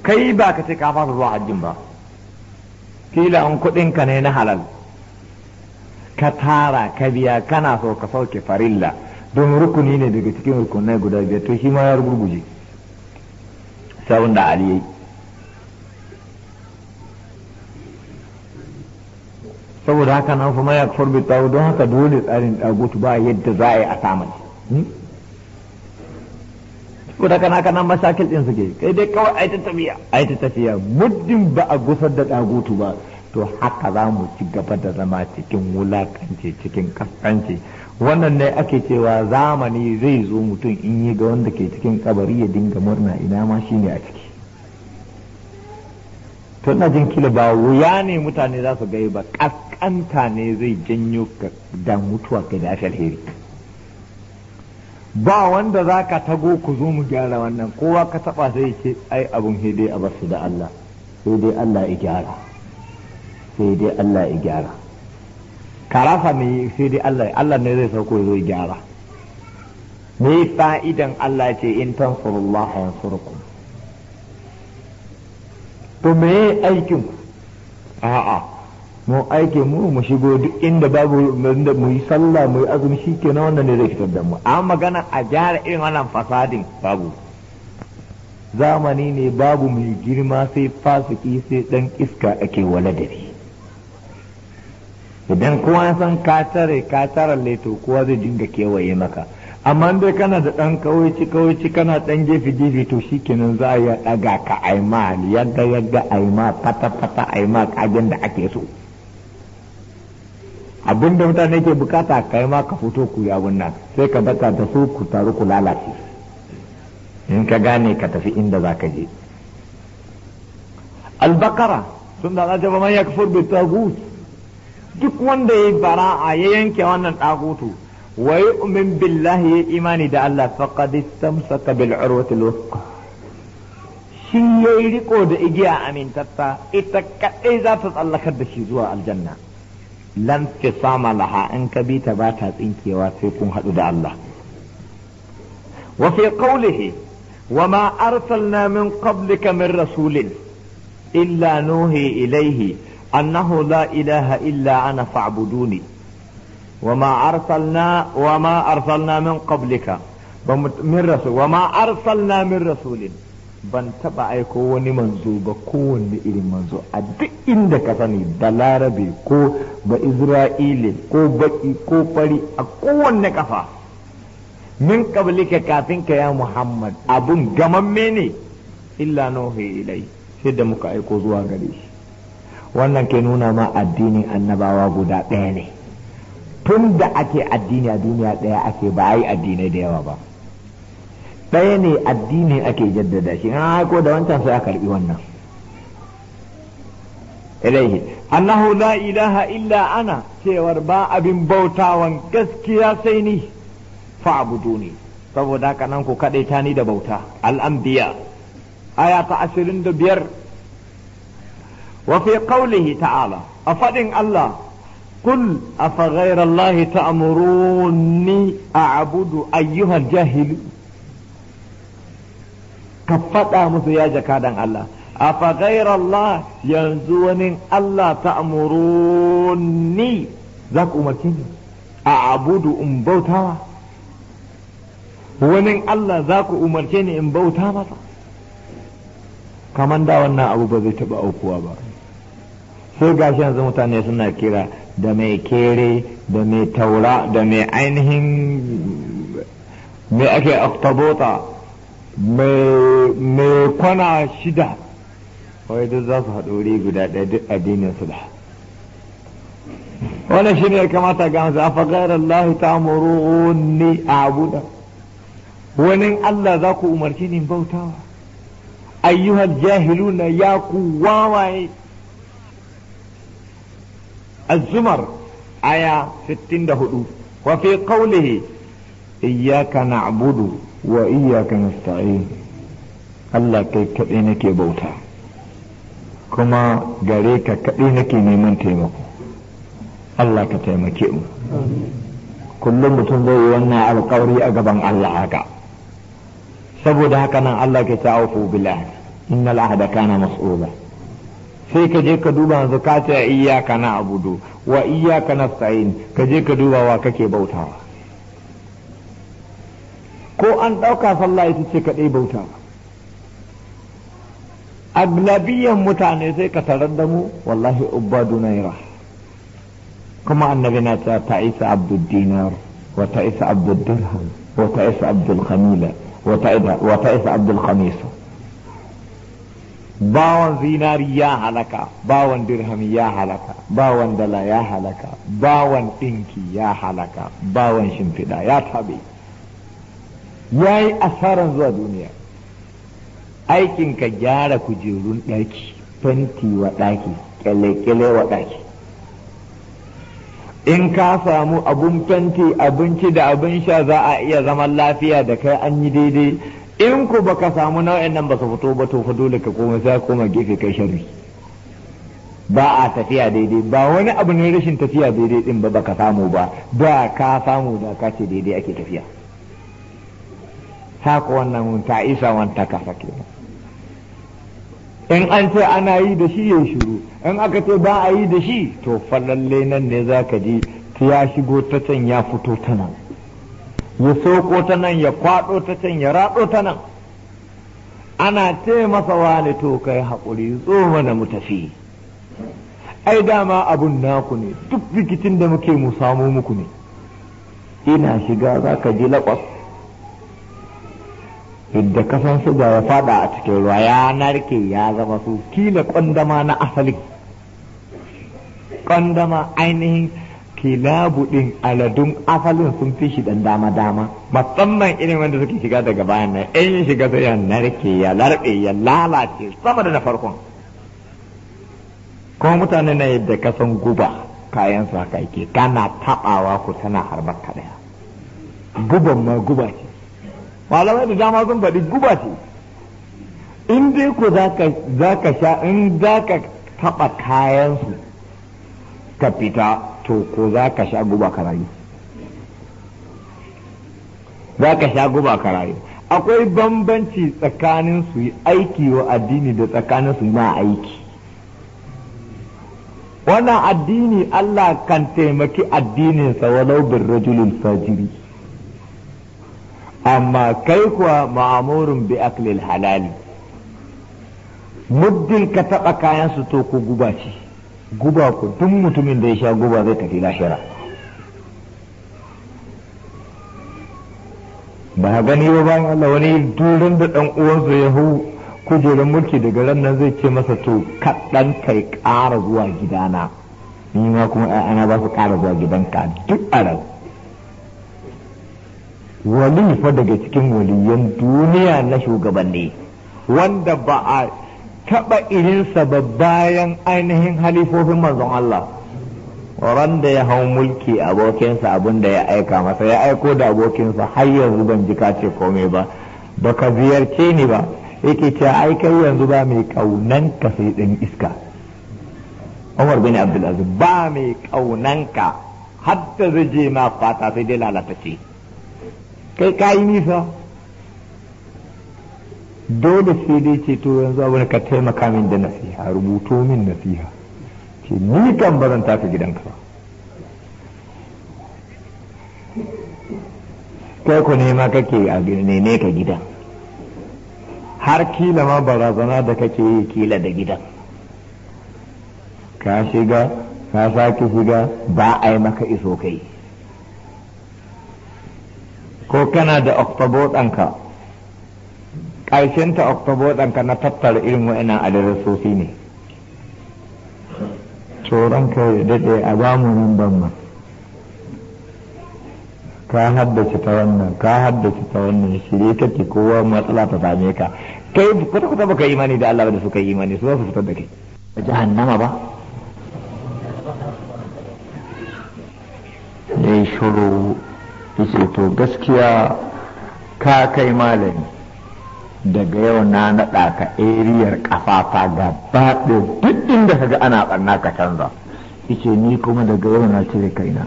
kai ba ka ce ka fara zuwa hajjin ba kila an kuɗin ka ne na halal ka tara ka biya kana so ka sauke farilla don rukuni ne daga cikin rukunai guda biyar to shi ma ya rugurguje sabon da aliyai saboda haka nan fa ya kafar bi tawo don haka dole tsarin dagutu ba yadda za a yi a samun hmm? saboda haka kana kana masakil din suke kai dai kawai ai ta tafiya ai ta tafiya muddin ba a gusar da dagutu ba to haka za mu ci gaba da zama cikin wulakanci cikin kaskanci wannan ne ake cewa zamani zai zo mutum in yi ga wanda ke cikin kabari ya dinga murna ina ma shine a ciki to ina jin kila ba wuya ne mutane za su gai ba kaskanta ne zai janyo da mutuwa ga da alheri ba wanda za ka tago ku zo mu gyara wannan kowa ka taba sai ce ai abun sai a basu da Allah sai dai Allah ya gyara sai dai Allah ya gyara karafa ne sai dai Allah Allah ne zai sauko zai gyara me fa'idan Allah ce in tansurullah yansurukum to me aikin ku a'a mu aikin mu mu shigo duk inda babu inda mu yi sallah mu yi azumi shikenan wannan ne zai fitar da mu amma magana a gyara irin wannan fasadin babu zamani ne babu mai girma sai fasiki sai dan iska ake wala waladari idan kowa san ka tare ka tare leto kowa zai dinga kewaye maka amma dai kana da ɗan kawaici kawaici kana ɗan gefe gefe to shi kenan za a yi ɗaga ka aima yadda yadda aima fata fata aima kagen da ake so abin da mutane ke bukata kai ma ka fito ku ya sai ka daka da su ku taru ku lalace in ka gane ka tafi inda za ka je albakara sun da ba man yakfur bi tagu duk wanda ya bara'a ya yanke wannan tagutu ويؤمن بالله إيماني دا الله فقد استمسك بالعروة الوثقى شي يريكو دا إجياء أمين تتا إتكا إذا فت الله كد شيزوا الجنة لن تصام لها أنك بيت باتها إنك يواتفكم هدو دا الله وفي قوله وما أرسلنا من قبلك من رسول إلا نوهي إليه أنه لا إله إلا أنا فاعبدوني وما أرسلنا وما أرسلنا من قبلك من رسول وما أرسلنا من رسول ban taba aiko wani manzo ba kowanne irin manzo a duk inda ka sani da larabe ko ba Isra'ili ko baki ko fari a kowanne kafa min qablika kafin ka ya muhammad abun gamamme ne illa nuhi ilai sai da muka aiko zuwa gare shi wannan ke nuna ma addinin annabawa guda ɗaya ne tun da ake addini a duniya ɗaya ake ba a yi addinai da yawa ba ɗaya ne addini ake jaddada shi na haiko da wancan sai a karɓi wannan ilaihi annahu la ilaha illa ana cewar ba abin bautawan gaskiya sai ni ne saboda haka nan ku kaɗai ta ni da bauta al'ambiya aya ta ashirin da biyar wa fi qawlihi ta'ala a faɗin Allah قل أفغير الله تأمروني أعبد أيها الجاهل كفتا مثل يا جكادا الله أفغير الله ينزوني الله تأمروني ذاك أمرتني أعبد أم بوتا ونن الله ذاك أمرتني أم بوتا مثلا kaman da wannan abu ba zai taɓa aukuwa ba sai gashi yanzu mutane suna kira da mai kere da mai taura da mai ainihin mai ake oktabota mai kwana shida wai duk za su haɗu wuri guda ɗaya duk addinin su da wannan shi ne kamata ga masu afa gairar Allah ta ne a abuda wani Allah za ku umarci ni bautawa ayyuhal jahiluna ya ku wawaye az-zumar aya 64 da hudu qawlihi iyyaka na'budu wa iyyaka nasta'in Allah kai kullum mutum zai wannan alkawari a gaban Allah haka saboda haka nan Allah sai ka je ka duba yanzu ka ce iyaka na abudu wa iyaka nasta'in ka je ka duba wa kake bautawa ko an ɗauka sallah ita ce ɗai bautawa aglabiyan mutane sai ka tarar da mu wallahi ubbadu naira kuma annabi na ta ta'isa abdul dinar wa ta'isa abdul dirham wa ta'isa abdul khamila wa ta'isa abdul khamisa bawan zinari ya halaka bawan dirhami ya halaka bawan dala ya halaka bawan ɗinki ya halaka bawan shimfiɗa ya tabe ya yi asaran zuwa duniya aikin ka gyara kujerun ɗaki fenti wa ɗaki kyale-kyale wa ɗaki in ka samu abun fenti abinci da abin sha za a iya zaman lafiya da kai an yi daidai in ku baka samu nau'in nan ba su fito ba to fa dole ka koma sai koma gefe kai sharri ba a tafiya daidai ba wani abu ne rashin tafiya daidai din ba baka samu ba da ka samu da ka ce daidai ake tafiya sako wannan ta isa wanta ka sake in an ce ana yi da shi ya shiru in aka ce ba a yi da shi to falalle nan ne za ka ji ya shigo ta can ya fito ta nan ya soko ta nan ya kwaɗo ta can ya raɗo ta nan ana ce masa wani to kai hakuri zo mana mu tafi ai dama abun naku ne duk rikicin da muke mu samu muku ne ina shiga za ka ji laƙwas yadda kasan suga ya fada a cikin ruwa ya narke ya zama su kila ƙwandama na asali ƙwandama ainihin kilabu din aladun afalin sun fi shi dan dama dama musamman irin wanda suke shiga daga bayan nan in shiga sai ya narke ya larbe ya lalace sama da na farkon kuma mutane na yadda ka san guba kayan su haka yake kana tabawa ku tana harbar ka daya guban ma guba ce malamai da dama sun faɗi guba ce in dai ku za ka sha in za ka taɓa kayan su ka fita to ko za ka sha guba ka rayu za ka sha guba ka rayu akwai bambanci tsakanin su yi aiki wa addini da tsakanin su ma aiki wannan addini Allah kan taimaki addininsa walau bin rajulil fajiri amma kai kuwa ma'amurin bi aklil halali muddin ka taɓa kayan su to ku guba ce guba ku duk mutumin da ya sha guba zai tafi lahira ba a gani ba bayan Allah wani durin da ɗan uwansa ya hau kujerar mulki daga ran nan zai ce masa to kaɗan kai ƙara zuwa gidana ni ma kuma ana ba su ƙara zuwa gidanka duk a ran wali fa daga cikin waliyan duniya na shugabanni wanda ba a taɓa irinsa ba bayan ainihin halifofin manzon Allah ran da ya hau mulki abokinsa abin abinda ya aika masa ya aiko da abokinsa har yanzu ban ji ce komai ba baka ziyarce ni ba yake ce ai kai yanzu ba mai kaunan ka sai dan iska Umar bin Abdul Aziz ba mai kaunan ka har zaje ma fata sai dai lalata ce kai kai nisa dole sai dai ce to yanzu abu ka taimaka min da nasiha rubuto min nasiha ce ni kan bazan taka gidanka ba kai ku nema kake a ne ka gidan har kila ma barazana da kake yi kila da gidan ka shiga ka sake shiga ba a yi maka iso kai ko kana da oktabo ɗanka ƙarshen ta oktobo ɗanka na tattara irin wa'inan adiresosi ne tsoron ka daɗe a bamu nan ban ma ka haddace ta wannan ka haddace ta wannan shirye kake kowa matsala ta same ka kai ba ka baka imani da Allah ba da suka yi imani su za su fitar da kai a jahannama ba ya yi shuru ya to gaskiya ka kai malami daga yau na naɗa ka eriyar ƙafafa gaba duk inda ga ana ɓarna ka canza ice ni kuma daga yau na cire kaina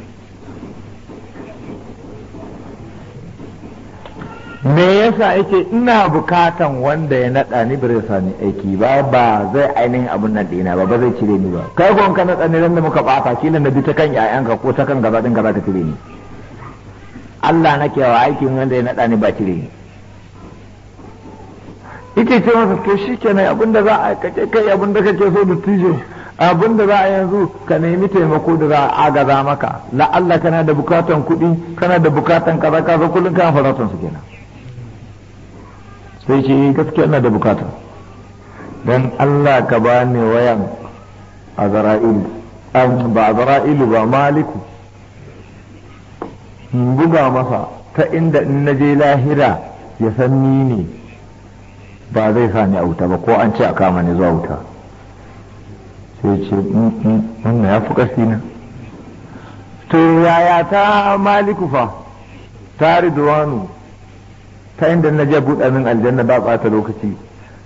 me yasa yake ina bukatan wanda ya naɗa ni bai sani aiki ba ba zai ainihin abin nan dina ba ba zai cire ni ba kai ko ka naɗa ni ran da muka bata kila na bi ta kan yayanka ko ta kan gaba din gaba ka cire ni Allah nake wa aikin wanda ya naɗa ni ba cire ni yake ce masa to shi kenan abinda za a kake kai abinda kake so da tije abinda za a yanzu ka nemi taimako da za a agaza maka la Allah kana da bukatan kuɗi kana da bukatan kaza kaza kullun kana faratan su kenan sai ce eh, gaskiya ina da bukata dan Allah ka bani wayan azra'il ba azra'il ba maliku buga masa ta inda in naje lahira ya san ni ne ba zai sa ni a wuta ba ko an ce a kama ne zuwa wuta sai ce mm, mm, wannan ya fi ƙarfi na to yaya ta maliku fa ta ridwanu ta inda na je buɗa min aljanna ba ɓata lokaci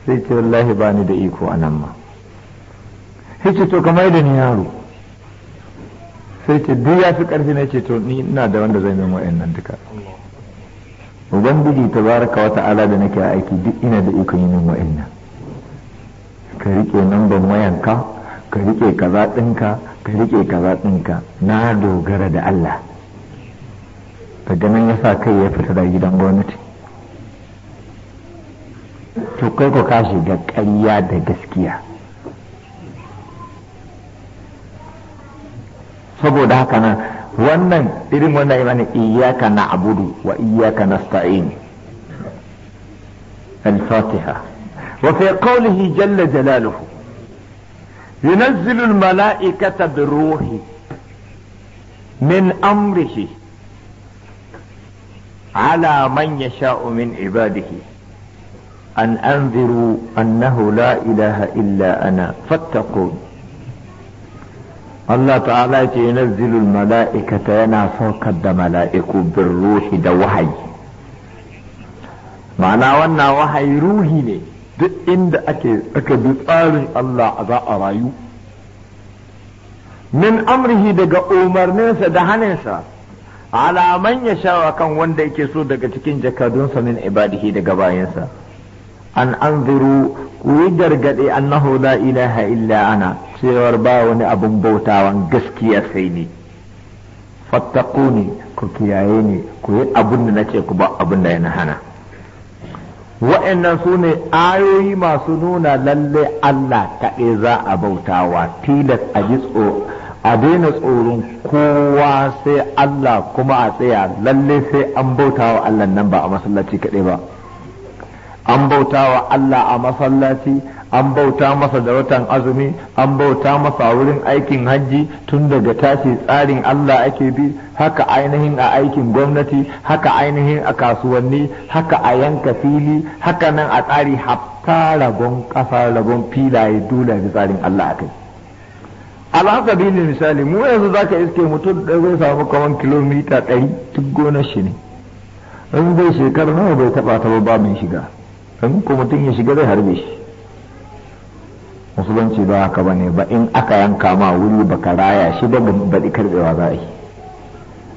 sai ce wallahi ba ni da iko a nan ma sai to kamar da ni yaro sai ce duk ya fi ƙarfi na ce to ni ina da wanda zai min nan duka ubangiji baraka wata ala da nake aiki duk ina da ikon min wa'annan ka rike namban wayanka ka rike kaza ɗinka ka riƙe kaza ɗinka na dogara da Allah daga nan ya sa kai ya fita da gidan gwamnati to kai ko ka ga ƙarya da gaskiya saboda haka nan wannan irin wannan imani iyaka na abudu wa iyaka na sta'in al-fatiha wa fi qawlihi jalla jalaluhu ينزل الملائكة بالروح min amrihi على من يشاء من عباده أن أنذروا أنه لا إله إلا أنا فاتقون Allah ta'ala ce yunazzilul mala'ikata yana saukar da mala'iku bin ruhi da wahayi ma'ana wannan wahayi ruhi ne duk inda ake aka bi tsarin Allah za a rayu min amrihi daga umarninsa da haninsa alaman ya shawa kan wanda yake so daga cikin jakadunsa min ibadihi daga bayansa an anziru yi gargaɗe annahu la ilaha illa ana cewar ba wani abun bautawan gaskiya sai ni fattaku ku kiyaye ni ku yi abin da nace ku ba abin da yana hana wa'annan su ayoyi masu nuna lalle Allah kaɗai za a bautawa tilas a ji a daina tsoron kowa sai Allah kuma a tsaya lalle sai an bautawa Allah nan ba a masallaci kaɗai ba an bauta wa Allah a masallaci an bauta masa da watan azumi an bauta masa wurin aikin hajji tun daga tashi tsarin Allah ake bi haka ainihin a aikin gwamnati haka ainihin a kasuwanni haka a yanka fili haka nan a tsari hafta rabon kasa rabon filaye dole da tsarin Allah akai alhasabi misali mu yanzu zaka iske mutum da zai samu kaman kilomita 100 duk gonar shi ne in bai shekar nawa bai taba ta ba mai shiga kamin ko mutum ya shiga zai harbe shi musulunci ba haka ba ne ba in aka yanka ma wuri baka raya shi ba baɗi karɓewa za a yi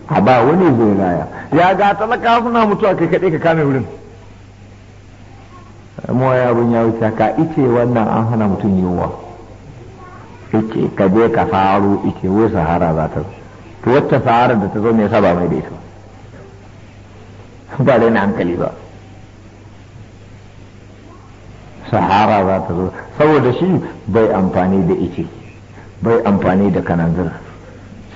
a ba wani zai raya ya ga talaka suna mutuwa kai kaɗai ka kame wurin ya bin ya wuce ka ice wannan an hana mutum yiwuwa ice ka je ka faru ice wai sahara za ta to wacce sahara da ta zo ne saba mai da ita ba da na hankali ba sahara za ta zo saboda shi bai amfani da ice bai amfani da kananzir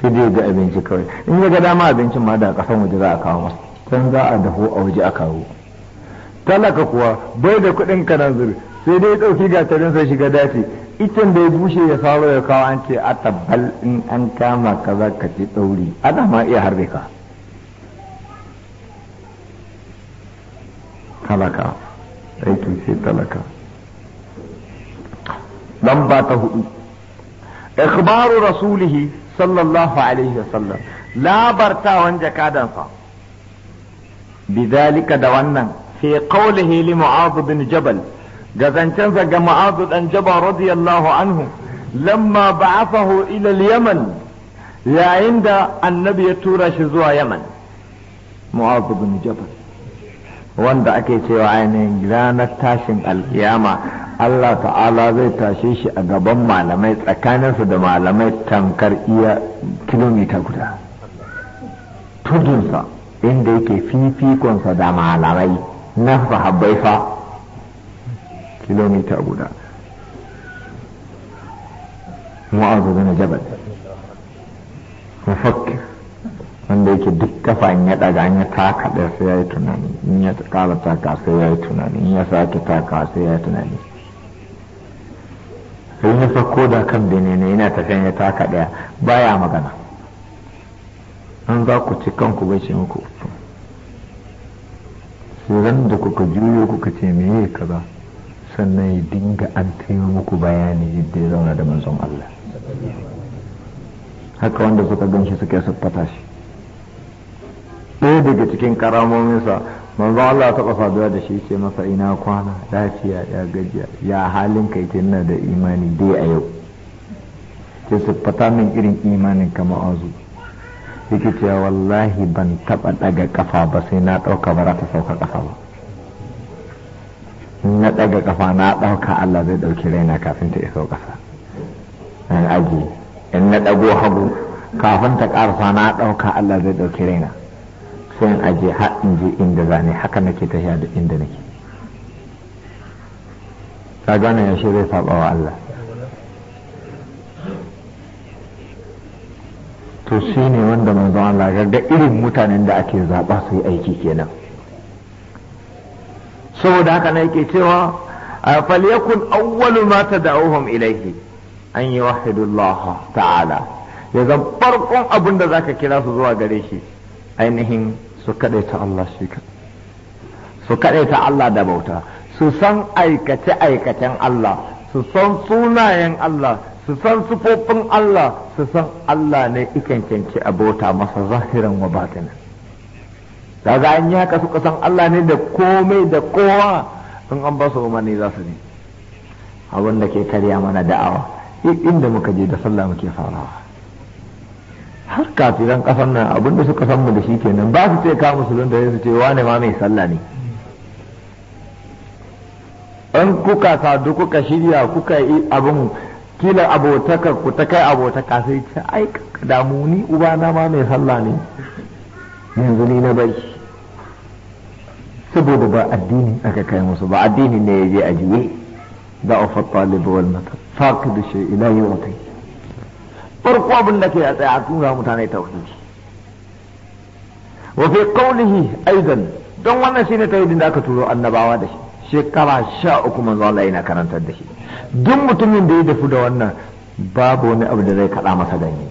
sai dai ga abinci kawai in ga dama abincin ma da kasan waje za a kawo masa can za a dafo a waje a kawo talaka kuwa bai da kuɗin kananzir sai dai ɗauki gatarin sai shiga dace itin da ya bushe ya saro ya kawo an ce a tabbal in an kama ka za ka ci ɗauri ana ma iya harbe ka talaka aiki sai talaka lamba ta hudu ikhbaru rasulihi sallallahu alaihi wasallam labartawan jakadansa bidhalika da wannan fi qawlihi li mu'adh bin jabal ga zancensa ga mu'adh dan jabal radiyallahu anhu lamma ba'athahu ila al-yaman yayin da annabi ya tura shi zuwa yaman mu'adh bin jabal wanda ake cewa ainihin ranar tashin alkiyama Allah ta'ala zai tashe shi a gaban malamai tsakaninsu da malamai tankar iya kilomita guda tudunsa inda yake fifikonsa da malamai na sahabbai fa kilomita guda mu'azu na jabal mufakkir wanda yake duk kafa in ya daga in ya taka da sai ya yi tunani in ya kala taka sai ya yi tunani in ya sake taka sai ya yi tunani sai ya sako da kan bene ne yana tafiya ya taka daya baya magana an za ku ci kanku bai ce muku ran da kuka juyo kuka ce me meye kaza sannan ya dinga an taimu muku bayani yadda ya zauna da manzon Allah haka wanda suka gan shi suka siffata shi daga cikin karamominsa manzo Allah kafa saduwa da shi ce masa ina kwana lafiya ya gajiya ya halin kai tunna da imani dai a yau ke fata min irin imanin kama azu yake cewa wallahi ban taɓa ɗaga ƙafa ba sai na ɗauka ba za ta sauka ƙafa ba na ɗaga ƙafa na ɗauka Allah zai ɗauki raina kafin ta iso ƙasa an aji in na dago hagu kafin ta karfa na ɗauka Allah zai ɗauki raina sai aje ha in je inda zane haka nake tafiya da inda nake ka gane yaushe zai saba wa Allah to shi ne wanda manzon Allah ga irin mutanen da ake zaɓa su yi aiki kenan saboda haka na yake cewa falyakun awwalu ma tad'uhum ilayhi an yuwahhidu Allah ta'ala ya zan farkon abin da zaka kira su zuwa gare shi ainihin su kaɗaita Allah shi ka su kaɗaita Allah da bauta su san aikace-aikacen Allah su san sunayen Allah su san sufofin Allah su san Allah ne ikancanci a bauta masa zahiran wa da daga an yi haka suka san Allah ne da komai da kowa in an ba su umarni za su ne abin da ke karya mana da'awa inda muka je da sallah muke farawa har kafiran kasar nan da suka san mu da shi kenan ba su ce ka musulun da su ce wane ma mai sallah ne in kuka sadu kuka shirya kuka yi abin kila abotaka ku ta kai abotaka sai ce ai damu ni ubana ma mai sallah ne yanzu ni na bari saboda ba addini aka kai musu ba addini ne ya je a juye da ofa talibu wal mata faqid shay'in la yu'ti farko abin da ke a tsaya a tura mutane tauhidi wa fi qawlihi aidan don wannan shine tauhidin da aka turo annabawa da shi shekara sha uku manzo Allah yana karantar da shi duk mutumin da ya dafu da wannan babu wani abu da zai kaɗa masa ganye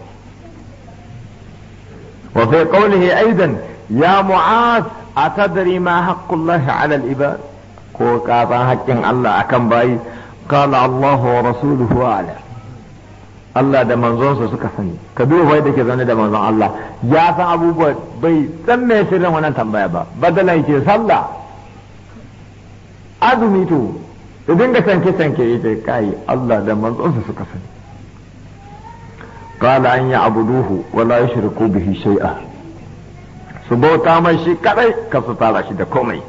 wa fi qawlihi aidan ya mu'az atadri ma haqqullahi 'ala al-ibad ko ka san haƙƙin Allah akan bayi qala Allahu wa rasuluhu a'lam Allah da manzonsa suka sani ka duba da ke zane da manzon Allah ya san abubuwa bai san me sirrin wannan tambaya ba badala yake sallah azumi to da dinga canke canke yace kai Allah da manzonsa suka sani qala an ya'buduhu wa la yushriku bihi shay'a su bauta mai shi kadai ka su tara shi da komai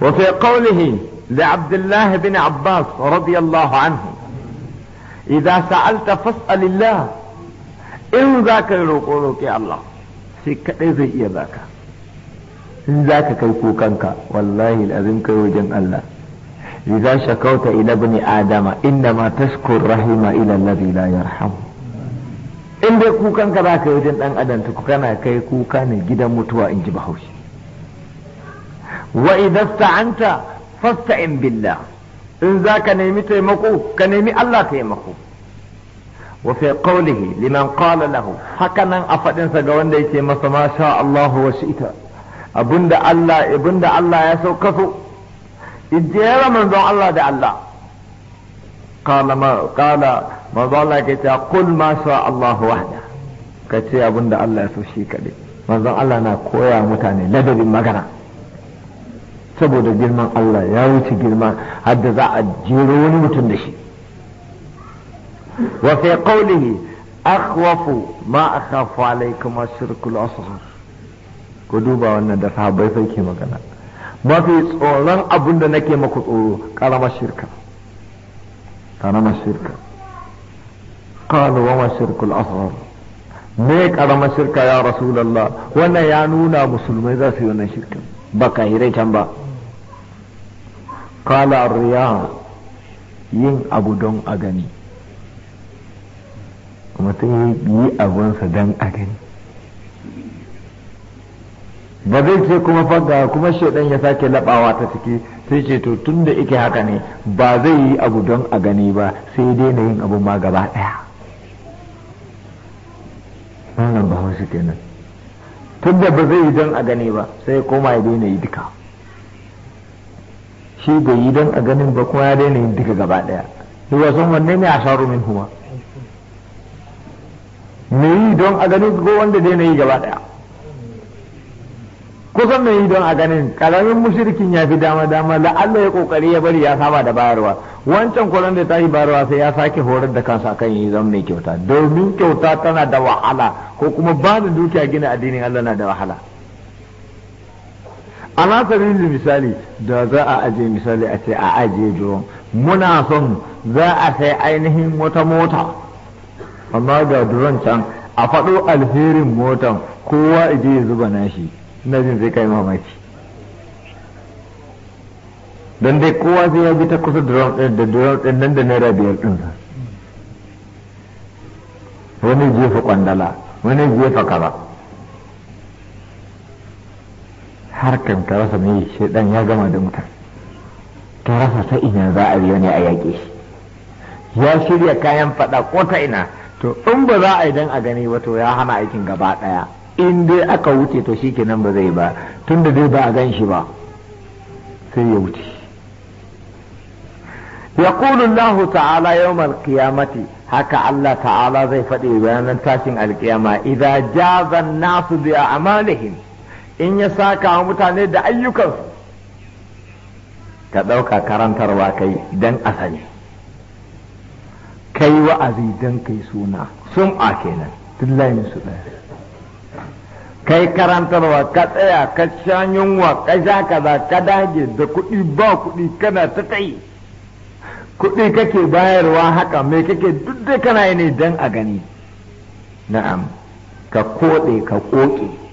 wa fi qawlihi li Abdullah bin Abbas radiyallahu anhu idza sa'alta fas'alillah in zaka roƙo roƙi Allah sai kadai zai iya baka in zaka kai kukanka wallahi lazim kai wajen Allah idza shakauta ila ibn adama inna ma tashkur rahima ila alladhi la yarham in dai kukanka zaka yi wajen dan adam to kana kai kuka ne gidan mutuwa in ji bahaushe wa idza sta'anta fasta'in billah in za ka nemi taimako ka nemi Allah taimako wa fi qawlihi liman qala lahu a faɗinsa ga wanda yake masa ma sha Allah wa shi'ta abinda Allah abinda Allah ya manzon Allah da Allah na koya mutane ladabin magana saboda girman Allah ya wuce girma hadda za a jero wani mutum da shi wa fi qawlihi akhwafu ma akhafu alaykum ashirkul asghar ku duba wannan da sahabbai sai ke magana mafi tsoron abin da nake maku tsoro karamar shirka karamar shirka qalu wa ashirkul asghar me karamar shirka ya rasulullah wannan ya nuna musulmai za su yi wannan shirka ba kahirai can ba qala ar yin abu don a gani mutum yi abunsa don a gani ba zai ce kuma faga kuma shaidan ya sake labawa ta ciki sai ce to tun da ike haka ne ba zai yi abu don a gani ba sai dai na yin abu ma gaba daya wannan ba wasu kenan tun da ba zai yi don a gani ba sai koma ya daina yi duka shi bai yi don a ganin ba kuma ya daina yin duka gaba daya ruwa sun wanne ne a sharu min kuma me yi don a ganin ko wanda daina yi gaba daya kusan me yi don a ganin karamin mushrikin ya fi dama dama la'alla ya kokari ya bari ya saba da bayarwa wancan kwanan da ta yi bayarwa sai ya sake horar da kansa kan yi zan mai kyauta domin kyauta tana da wahala ko kuma ba da dukiya gina addinin Allah na da wahala ala sabili misali da za a aje misali a ce a aje drone muna son za a sai ainihin wata mota amma ga drone can a faɗo alherin motan kowa ije ya zuba nashi ina jin zai kai mamaki don dai kowa sai ya bi ta kusa drone ɗin da drone ɗin nan da naira biyar ɗin sa wani jefa kwandala wani jefa kaza harkan ta rasa mai dan ya gama da mutum ta rasa ta ina za a biyo ne a yaƙe shi ya shirya kayan faɗa ko ta ina to in ba za a yi dan a gani ba to ya hana aikin gaba ɗaya in dai aka wuce to shi kenan ba zai ba tun da dai ba a gan shi ba sai ya wuce يقول الله تعالى haka Allah Ta'ala zai faɗi bayanan tashin alƙiyama idan jazan nasu جاز a a'malihim in ya saka wa mutane da ayyukansu ka ɗauka karantarwa kai don a kai wa'azi don kai suna sun a kenan tun layin su ɗaya kai karantarwa ka tsaya ka sha yunwa ka sha kaza ka dage da kuɗi ba kuɗi kana ta kai kuɗi kake bayarwa haka mai kake duk da kana yi ne don a gani na'am ka koɗe ka ƙoƙe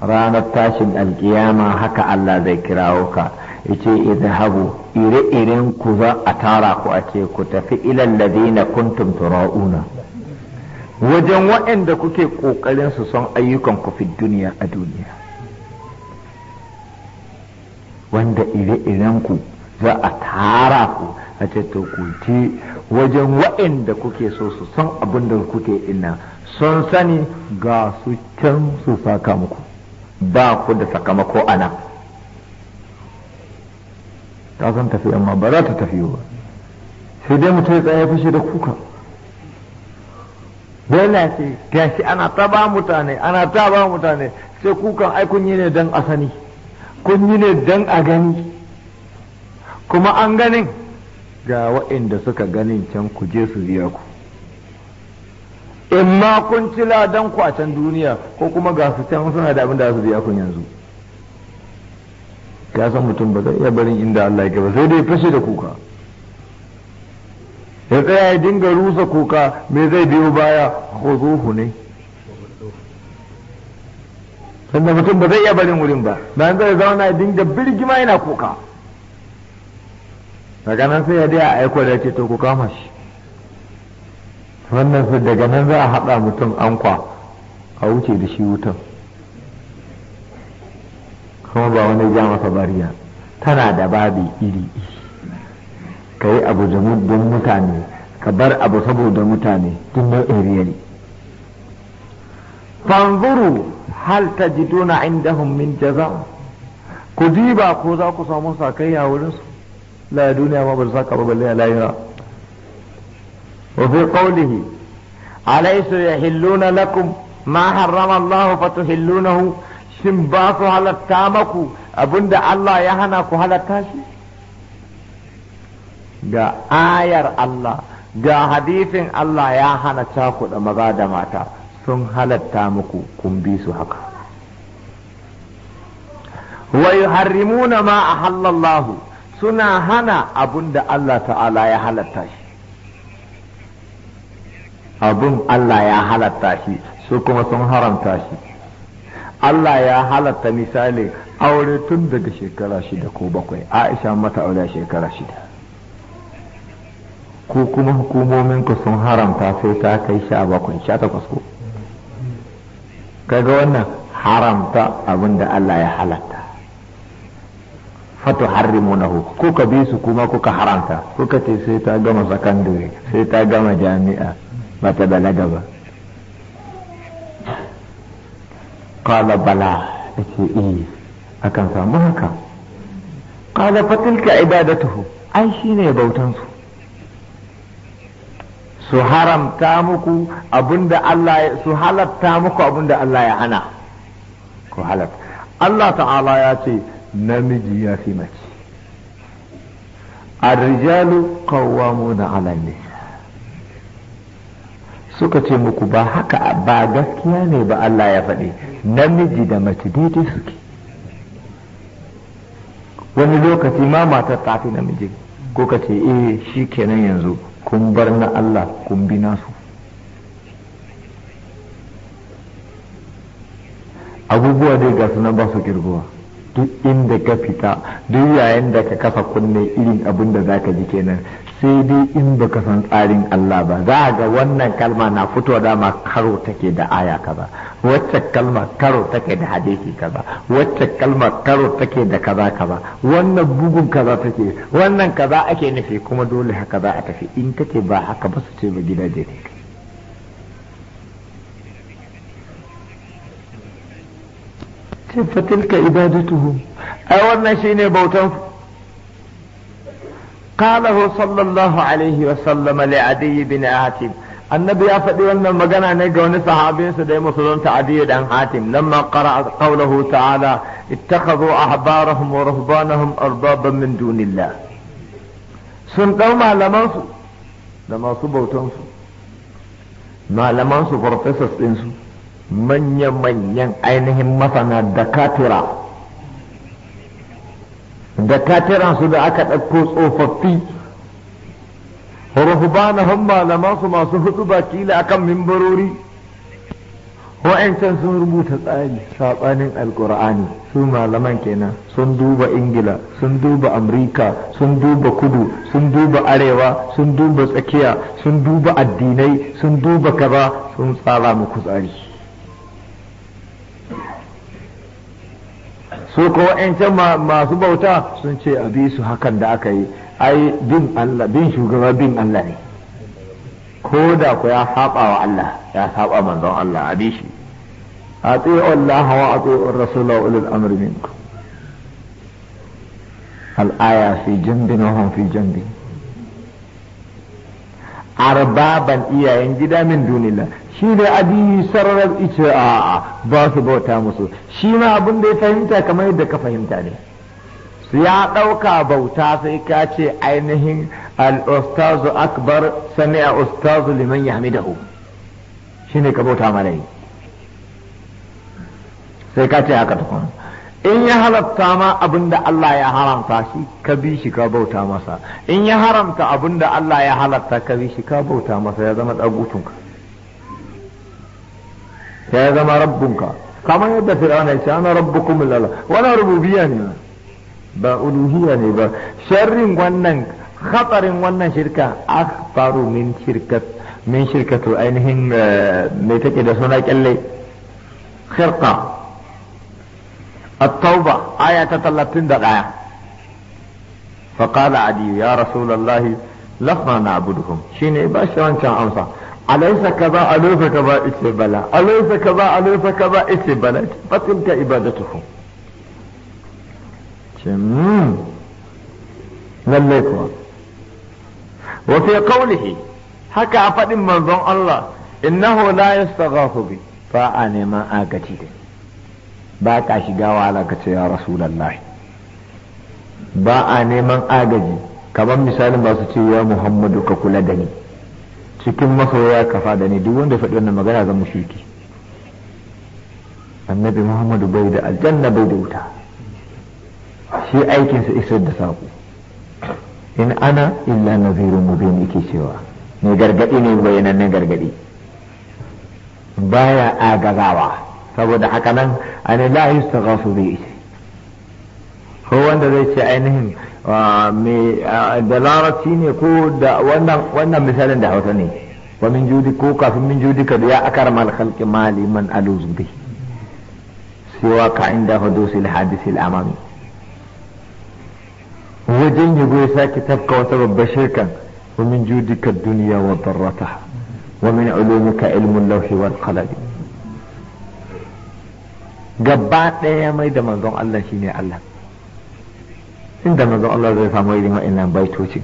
ranar tashin alkiyama haka Allah zai kirawo ka yace habu ire-iren ku za a tara ku a ce ku tafi ilal ladina kuntum tura'una wajen waɗanda kuke ƙoƙarin su son ayyukan ku fi duniya a duniya wanda ire-iren ku za a tara ku a ce to ku ti wajen waɗanda kuke so su son abin da kuke ina son sani ga su can su saka muku ba ku da sakamako a nan ta san tafi amma ba za ta tafi ba sai dai mutum ya tsaye fashe da kuka dole ce gashi ana ta ba mutane ana ta ba mutane sai kukan ai kun yi ne don a sani kun yi ne don a gani kuma an ganin ga wa'inda suka ganin can ku je su ziya ku in ma kun ci ladan ku a can duniya ko kuma ga su can suna da abin da su biya kun yanzu ya san mutum ba zai iya barin inda Allah ya ba sai dai fashe da kuka ya tsaya ya dinga rusa kuka me zai biyo baya zuhu ne sannan mutum ba zai iya barin wurin ba bayan zai zauna ya dinga birgima yana kuka daga nan sai ya dai a aiko da ya ce to ku kama shi wannan su daga nan za a haɗa mutum ankwa a wuce da shi wutan kuma ba wani ja masa bariya tana da babi iri ka yi abu don mutane ka bar abu saboda mutane tun da iriyari fanzuru hal ta ji duna inda min jaza ku diba ko za ku samu sakayya wurinsu la duniya ma ba za ka ba balle a layira وفي قوله أليس يحلون لكم ما حرم الله فتحلونه shin ba su halatta maku abinda Allah ya hana ku halatta shi ga ayar Allah ga hadisin Allah ya hana cakuɗa maza da mata sun halarta maku kun bi su haka wa yuharrimuna ma a ahallallahu suna hana abun da Allah ta'ala ya halarta shi Abin Allah ya halatta shi su kuma sun haramta shi Allah ya halatta misali aure tun daga shekara shida ko bakwai Aisha mata aure shekara shida ku kuma hukumominku sun haramta sai ta kai sha bakwai sha takwas ko kaga wannan haramta abin da Allah ya halatta fatu Ko kuka bi su kuma kuka haramta kuka ce sai ta gama sakandare sai ta gama jami'a ba ta balaga ba qala bala ce iya akan samu haka qala fatilka ibadatuhu ai shine bautan su su haramta muku abinda Allah su halatta muku abinda Allah ya hana ko halatta Allah ta'ala ya ce namiji ya fi mace الرجال قوامون على النساء suka ce muku ba haka ba gaskiya ne ba Allah ya faɗi namiji da mace daidai suke wani lokaci ma matar tafi namiji ko ka ce eh shi kenan yanzu kun bar na Allah kun bi nasu abubuwa dai ga sunan ba su duk inda ka fita duk yayin da ka kafa kunne irin abin da za ka ji kenan sai dai in baka san tsarin Allah ba za ga wannan kalma na fito dama karo take da aya kaza wacce kalma karo take da hadisi kaza wacce kalma karo take da kaza kaza wannan bugun kaza take wannan kaza ake nufi kuma dole haka za a tafi in kake ba haka ba su ce ba gida gidaje ne ibadatuhu ai wannan shine bautan. qalahu sallallahu alaihi wa sallam li adi bin hatim annabi ya faɗi wannan magana ne ga wani sahabinsa da ya musulunta adi dan hatim lamma qara'a qawluhu ta'ala ittakhadhu ahbarahum wa ruhbanahum arbaban min dunillah sun dau su da masu bautansu malamansu professors ɗinsu manya-manyan ainihin masana da katura da su da aka ɗauko tsofaffi ruhbanahum malaman su masu hudu baki la akan mimbarori wa'ancan sun rubuta tsari saɓanin alkur'ani su malaman kenan sun duba ingila sun duba amurka sun duba kudu sun duba arewa sun duba tsakiya sun duba addinai sun duba kaza sun tsara muku tsari su ko wa'ancan masu bauta sun ce a bi su hakan da aka yi ai bin Allah bin shugaba bin Allah ne ko da ku ya saba wa Allah ya saba manzon Allah a bi shi ati'u Allah wa ati'u Rasul wa ulul amri minkum al-aya fi jambinahum fi jambinahum arbaban iyayen gida min dunillah shi da abi sararar ice a ba su bauta musu shi ma abin da ya fahimta kamar yadda ka fahimta ne su ya ɗauka bauta sai ka ce ainihin al-ustazu akbar sani a ustazu liman ya hamidahu shi ka bauta malayi sai ka ce haka tukun in ya halatta ma abin da Allah ya haramta shi ka bi shi ka bauta masa in ya haramta abin da Allah ya halatta ka bi shi ka bauta masa ya zama ɗagutunka ya zama rabbunka kamar yadda fir'auna ya ce ana rabbukum lalla wala rububiyya ne ba uluhiyya ne ba sharrin wannan hatsarin wannan shirka akbaru min shirkat min shirkatu ainihin eh, mai take da suna kyalle khirqa التوبة آية تتلتين دقايا فقال عدي يا رسول الله لما نعبدهم شيني باشران كان أمسا أليس كذا أليس كذا إتي بلا أليس كذا أليس كذا إتي بلا فتلك إبادتكم lallai وفي قوله fi qawlihi haka a faɗin manzon Allah innahu la yastaghafu bi fa ba ka shiga wahala ka ce ya rasulallahi ba a neman agaji kamar misalin ba su ce ya muhammadu ka kula da ni cikin masoya ka fada ni duk wanda faɗi wannan magana zan mushriki annabi muhammadu bai da aljanna bai da wuta shi aikinsa isar da saƙo in ana illa nazirun mubin yake cewa mai gargadi ne bayanannen gargadi. baya agazawa saboda haka nan an la yustaghasu bi ita ko wanda zai ce ainihin da larabci ne ko da wannan misalin da hausa ne wa min judi ko kafin min judi ka ya akarma al-khalqi mali man aluzu bi siwa ka inda hudusil hadisil amami wajen yago ya sake tafka wata babbar shirkan wa min judika duniya wa darrataha wa min ulumika ilmul lawhi wal qalami gaba ɗaya mai da manzon Allah shi ne Allah inda manzon Allah zai samu irin wa'annan baitocin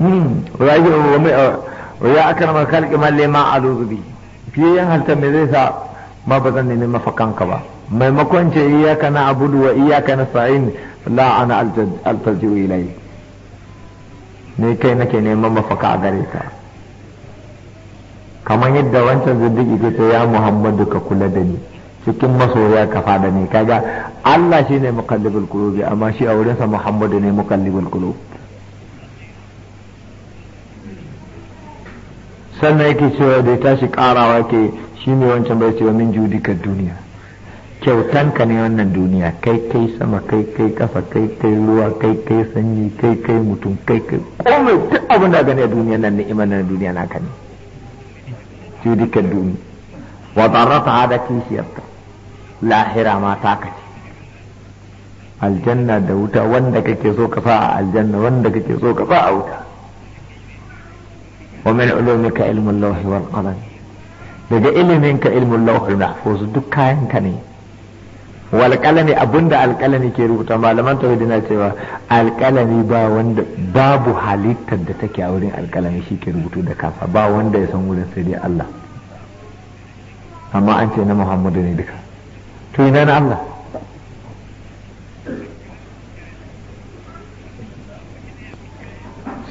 hmm, uh, ya aka nama kalki malle ma a luzubi fiye yin halta mai zai sa ma ba zan nemi mafakanka ba maimakon ce iyaka na abudu wa iyaka na sa'in la ana altarjiwa ilai ne kai nake neman mafaka a gare ka kamar yadda wancan zindigi ke ce ya muhammadu ka kula da ni cikin masoya ka fada ni kaga Allah shi ne mukallibul kulubi amma shi a wurinsa muhammadu ne mukallibul qulub sannan yake cewa da ya tashi karawa ke shi ne wancan bai cewa min judika duniya kyautan ka ne wannan duniya kai kai sama kai kai kafa kai kai ruwa kai kai sanyi kai kai mutum kai kai komai duk abin da gane a duniya nan ni'imar na duniya naka ne sai duka duni wa zarrata da kishiyarta lahira ma ta kace aljanna da wuta wanda kake so ka sa a aljanna wanda kake so ka sa a wuta wa min ulumika ilmul lawhi wal qalam daga iliminka ilmul lawhi mahfuz duk kayan ka ne walƙalami abinda alƙalami ke rubuta malaman tauhidi na cewa alƙalami ba wanda babu halittar da take a wurin alƙalami shi ke rubutu da kafa ba wanda ya san wurin sai dai Allah amma an ce na Muhammadu ne duka to ina na Allah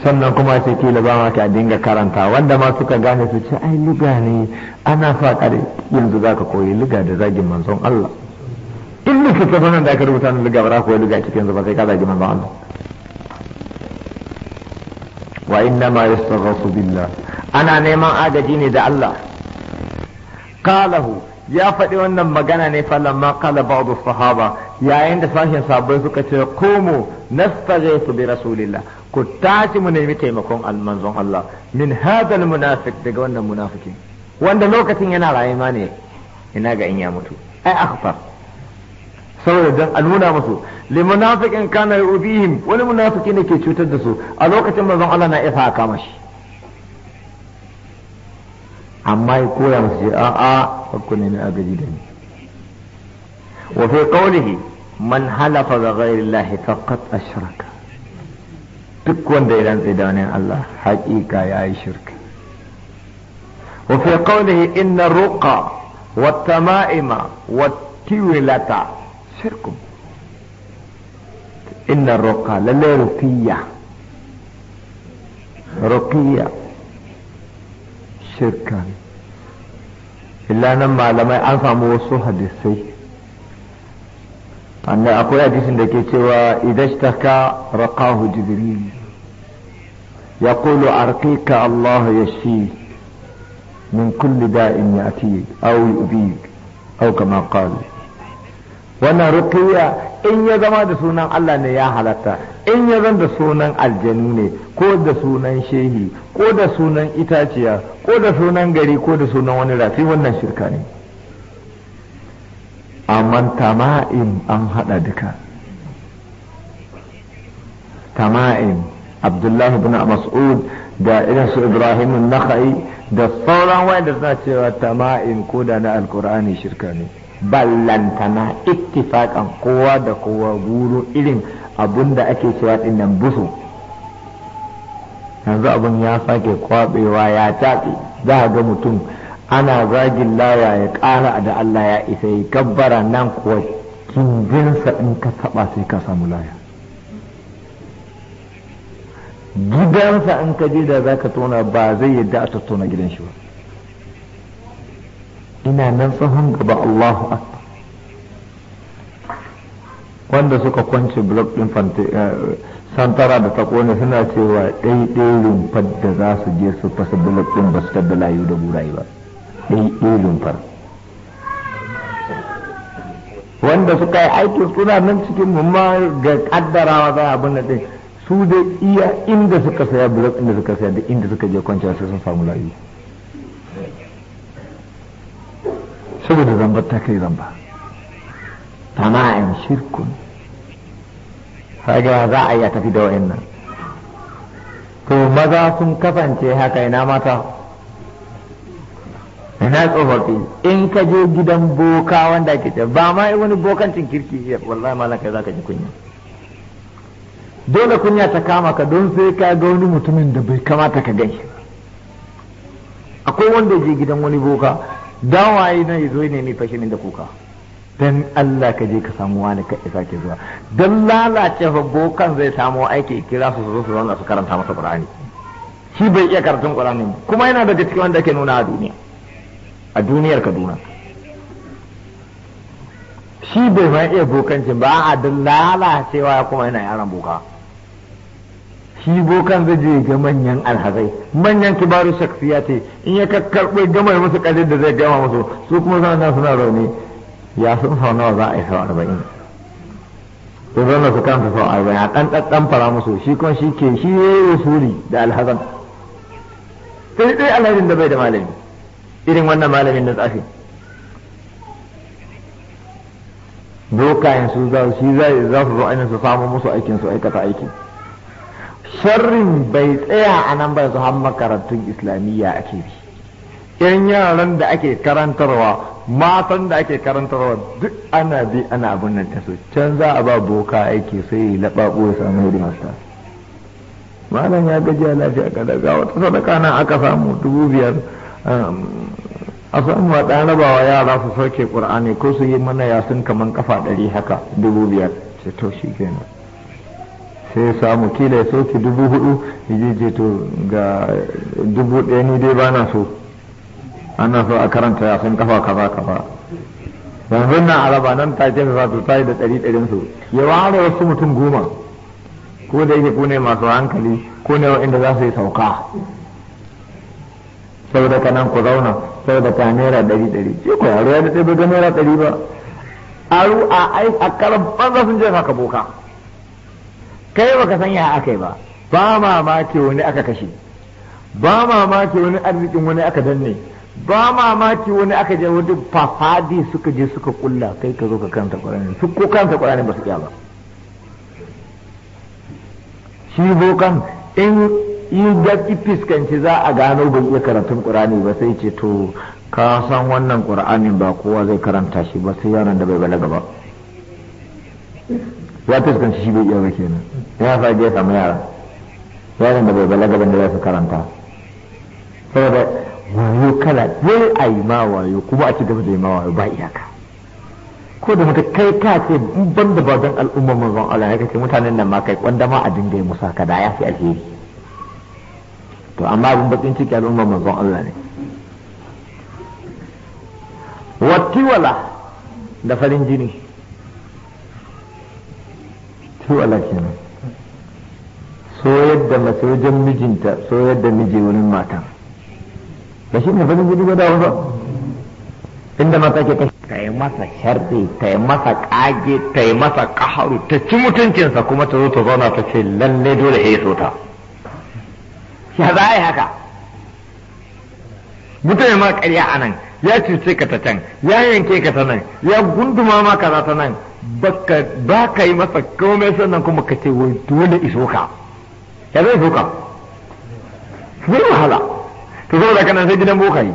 sannan kuma ce kila ba ma ka dinga karanta wanda ma suka gane su ce ai luga ne ana faƙar yanzu zaka koyi luga da zagin manzon Allah duk su da aka rubuta na liga bara kuwa liga cikin zuba sai ka zagi manzon Allah wa inna ma yastaghasu billah ana neman agaji ne da Allah qalahu ya faɗi wannan magana ne ma qala ba'du sahaba yayin da sashen sabai suka ce qumu su bi rasulillah ku tashi mu nemi taimakon almanzon Allah min hadal munafiq daga wannan munafiki wanda lokacin yana rayuwa ne ina ga in ya mutu ai akhfar saboda dan a nuna musu limunafiqin kana yubihim wani munafiki ne ke cutar da su a lokacin manzon Allah na isa kama shi amma ya koya musu a a hakku ne na agaji da ni wa fi qawlihi man halafa bi ghayri Allah faqad ashraka duk wanda ya rantsa da wani Allah haƙiƙa yayi shirka wa fi qawlihi inna ruqa wat tama'ima wat tiwilata شرك إن الرقى للي رقية رقية شركا إلا أنا ما لما أنفع موصو حديثي أنا أقول حديث لك إذا اشتكى رقاه جبريل يقول أرقيك الله يشفيك من كل داء يأتيك أو يؤذيك أو كما قال wannan ruqiyya in ya zama da sunan Allah ne ya halatta in ya zama da sunan aljanu ne ko da sunan shehi ko da sunan itaciya ko da sunan gari ko da sunan wani rafi wannan shirka ne amma tama'in an hada duka tama'in abdullahi bin mas'ud da irin su ibrahim naka'i da sauran wanda suna cewa tama'in ko da na alkur'ani shirka ne ballantana ittifakan kowa da kowa buru irin abun da ake cewa nan busu yanzu abun ya sake kwabewa ya taɓe za ga mutum ana zagin laya ya ƙara da Allah ya isa ya gabbara nan kuwa kinjinsa in ka taɓa sai ka samu laya gidansa in ka je da zaka tona ba zai yadda a tattauna gidan shi ba ina nan tsohon gaba Allahu akbar wanda suka kwance blok din eh, santara da ta kone suna cewa ɗaiɗai rumfar da za su je su fasa blok din ba su tabda layu da burayi ba ɗaiɗai rumfar wanda suka yi aikin suna nan cikin mumma ga kaddarawa za a bin ɗin su da iya inda suka saya blok inda suka saya da inda suka je kwanciya sai sun samu layu tabbata kai zan ba tama'in shirkun kaga za a iya tafi da wa'in nan. to maza sun kasance haka ina mata ina tsofaffi in ka je gidan boka wanda ke ce ba ma wani bokancin kirki ya wallahi malam kai zaka ji kunya dole kunya ta kama ka don sai ka ga wani mutumin da bai kamata ka gan akwai wanda je gidan wani boka dawaye na yazo ne mai fashe min da kuka dan Allah ka je ka samu wani ka isa ke zuwa dan lalace kan zai samu aiki kira su zo su zauna su karanta masa Qur'ani shi bai iya karatun Qur'ani kuma yana daga cikin wanda ke nuna a duniya a duniyar Kaduna shi bai ma iya bokancin ba a dan lalacewa kuma yana yaran boka shi bokan zai je ga manyan alhazai manyan kibaru shakfiya ce in ya kakkarɓe gama musu ƙarin da zai gama musu su kuma zan nan suna rauni ya sun sau nawa za a yi sau arba'in sun zauna su kanta sau arba'in a ɗan ɗan fara musu shi kuma shi ke shi ya yi wasuri da alhazan sai dai alhazin da bai da malami irin wannan malamin na tsafi doka su za su za su zo ainihin su samu musu aikin su aikata aikin sharrin bai tsaya a nan ba yanzu har makarantun islamiyya ake bi yan yaran da ake karantarwa matan da ake karantarwa duk ana bi ana abin nan ta so can za a ba boka aiki sai ya laɓaɓo ya samu hidima hasta malam ya gaji lafiya ka daga wata sadaka nan aka samu dubu biyar um, a samu a ɗan rabawa yara su sauke ƙur'ani ko su yi mana yasin kaman kafa ɗari haka dubu biyar ce to shi kenan sai ya samu kila ya sauke dubu hudu ya je to ga dubu ɗaya ni dai ba na so ana so a karanta ya sun kafa kafa kafa yanzu na araba nan ta ce sa su tayi da ɗari ɗarin su ya ware wasu mutum goma ko da yake ku ne masu hankali ko ne wa'inda za su yi sauka saboda ka nan ku zauna saboda ka naira ɗari ɗari ce ku yaro ya da ba ga naira ɗari ba aru a za sun je ka boka. kai baka ka sanya aka yi ba ba mamaki wani aka kashe ba mamaki wani arzikin wani aka danne ba mamaki wani aka je wani fafadi suka je suka kulla kai ka zo ka kanta ƙwararren su ko kanta ƙwararren ba su iya ba shi bokan in yi da fiskanci za a gano ban iya karatun ƙur'ani ba sai ce to ka san wannan ƙur'anin ba kowa zai karanta shi ba sai yaran da bai balaga ba ya fiskanci shi bai iya ba kenan ya fa je samu yara yaran da bai balaga ban da ya su karanta saboda wayo kala dai a yi ma wayo kuma a ci gaba da yi ma wayo ba iyaka ko da muka kai ka ce ban da ba don mun zan Allah ya kace mutanen nan ma kai wanda ma a dinga yi musa kada ya fi alheri to amma abin bakin ciki mun zan Allah ne wattiwala da farin jini tiwala kenan so yadda mace wajen mijinta so yadda miji wurin matan ba shi ne fadin gudu gada ba inda mata ke kashi ta yi masa sharri ta yi masa kage ta yi masa kaharu ta ci mutuncinsa kuma ta zo ta zauna ta ce lalle dole ya yi ta ya za a yi haka mutum ma karya a nan ya cuce ka ta can ya yanke ka ta nan ya gunduma ma za ta nan ba ka yi masa komai sannan kuma ka ce wai dole iso ka ya zai boka zai wahala to saboda nan sai gidan boka yi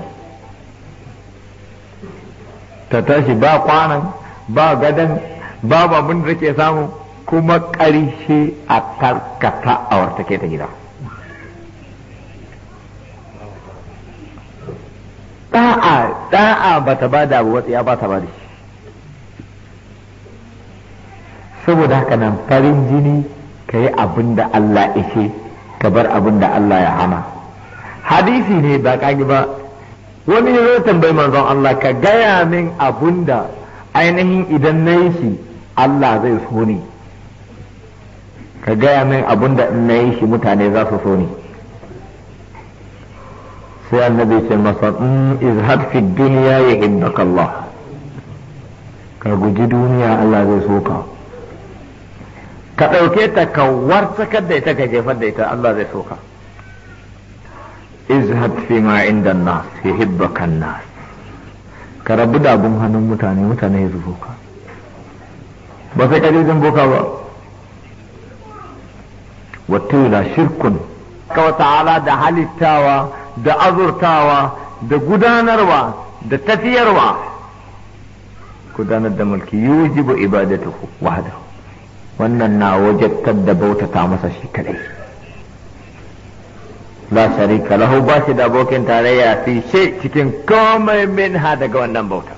ta tashi ba kwanan ba gadan ba abin da take samu kuma ƙarshe a karkata a wartake ta gida da'a da'a ba ta ba da abubuwa ya ba ta ba da shi saboda haka nan farin jini ka yi abin da Allah ishe ka bar abin da Allah ya hana hadisi ne ba kagi ba wani ne zai tambayi manzon Allah ka gaya min abin ainihin idan na shi Allah zai so ni ka gaya min abin da in na shi mutane za su so ni sai annabi ce masa mm, izhad fi duniya ya Allah ka guji duniya Allah zai so ka ka ɗauke ta ka wartakar da ita ka jefar da ita Allah zai soka izhad fi ma inda nas yuhibbaka nas ka rabu da abun hannun mutane mutane ya su ka ba sai ka jirgin boka ba watila shirkun kawai ta'ala da halittawa da azurtawa da gudanarwa da tafiyarwa gudanar da mulki yujibu ibadatuhu wahdahu wannan na wajabtar da bautata masa shi kadai la sharika lahu ba shi da abokin tarayya fi shi cikin komai min ha daga wannan bauta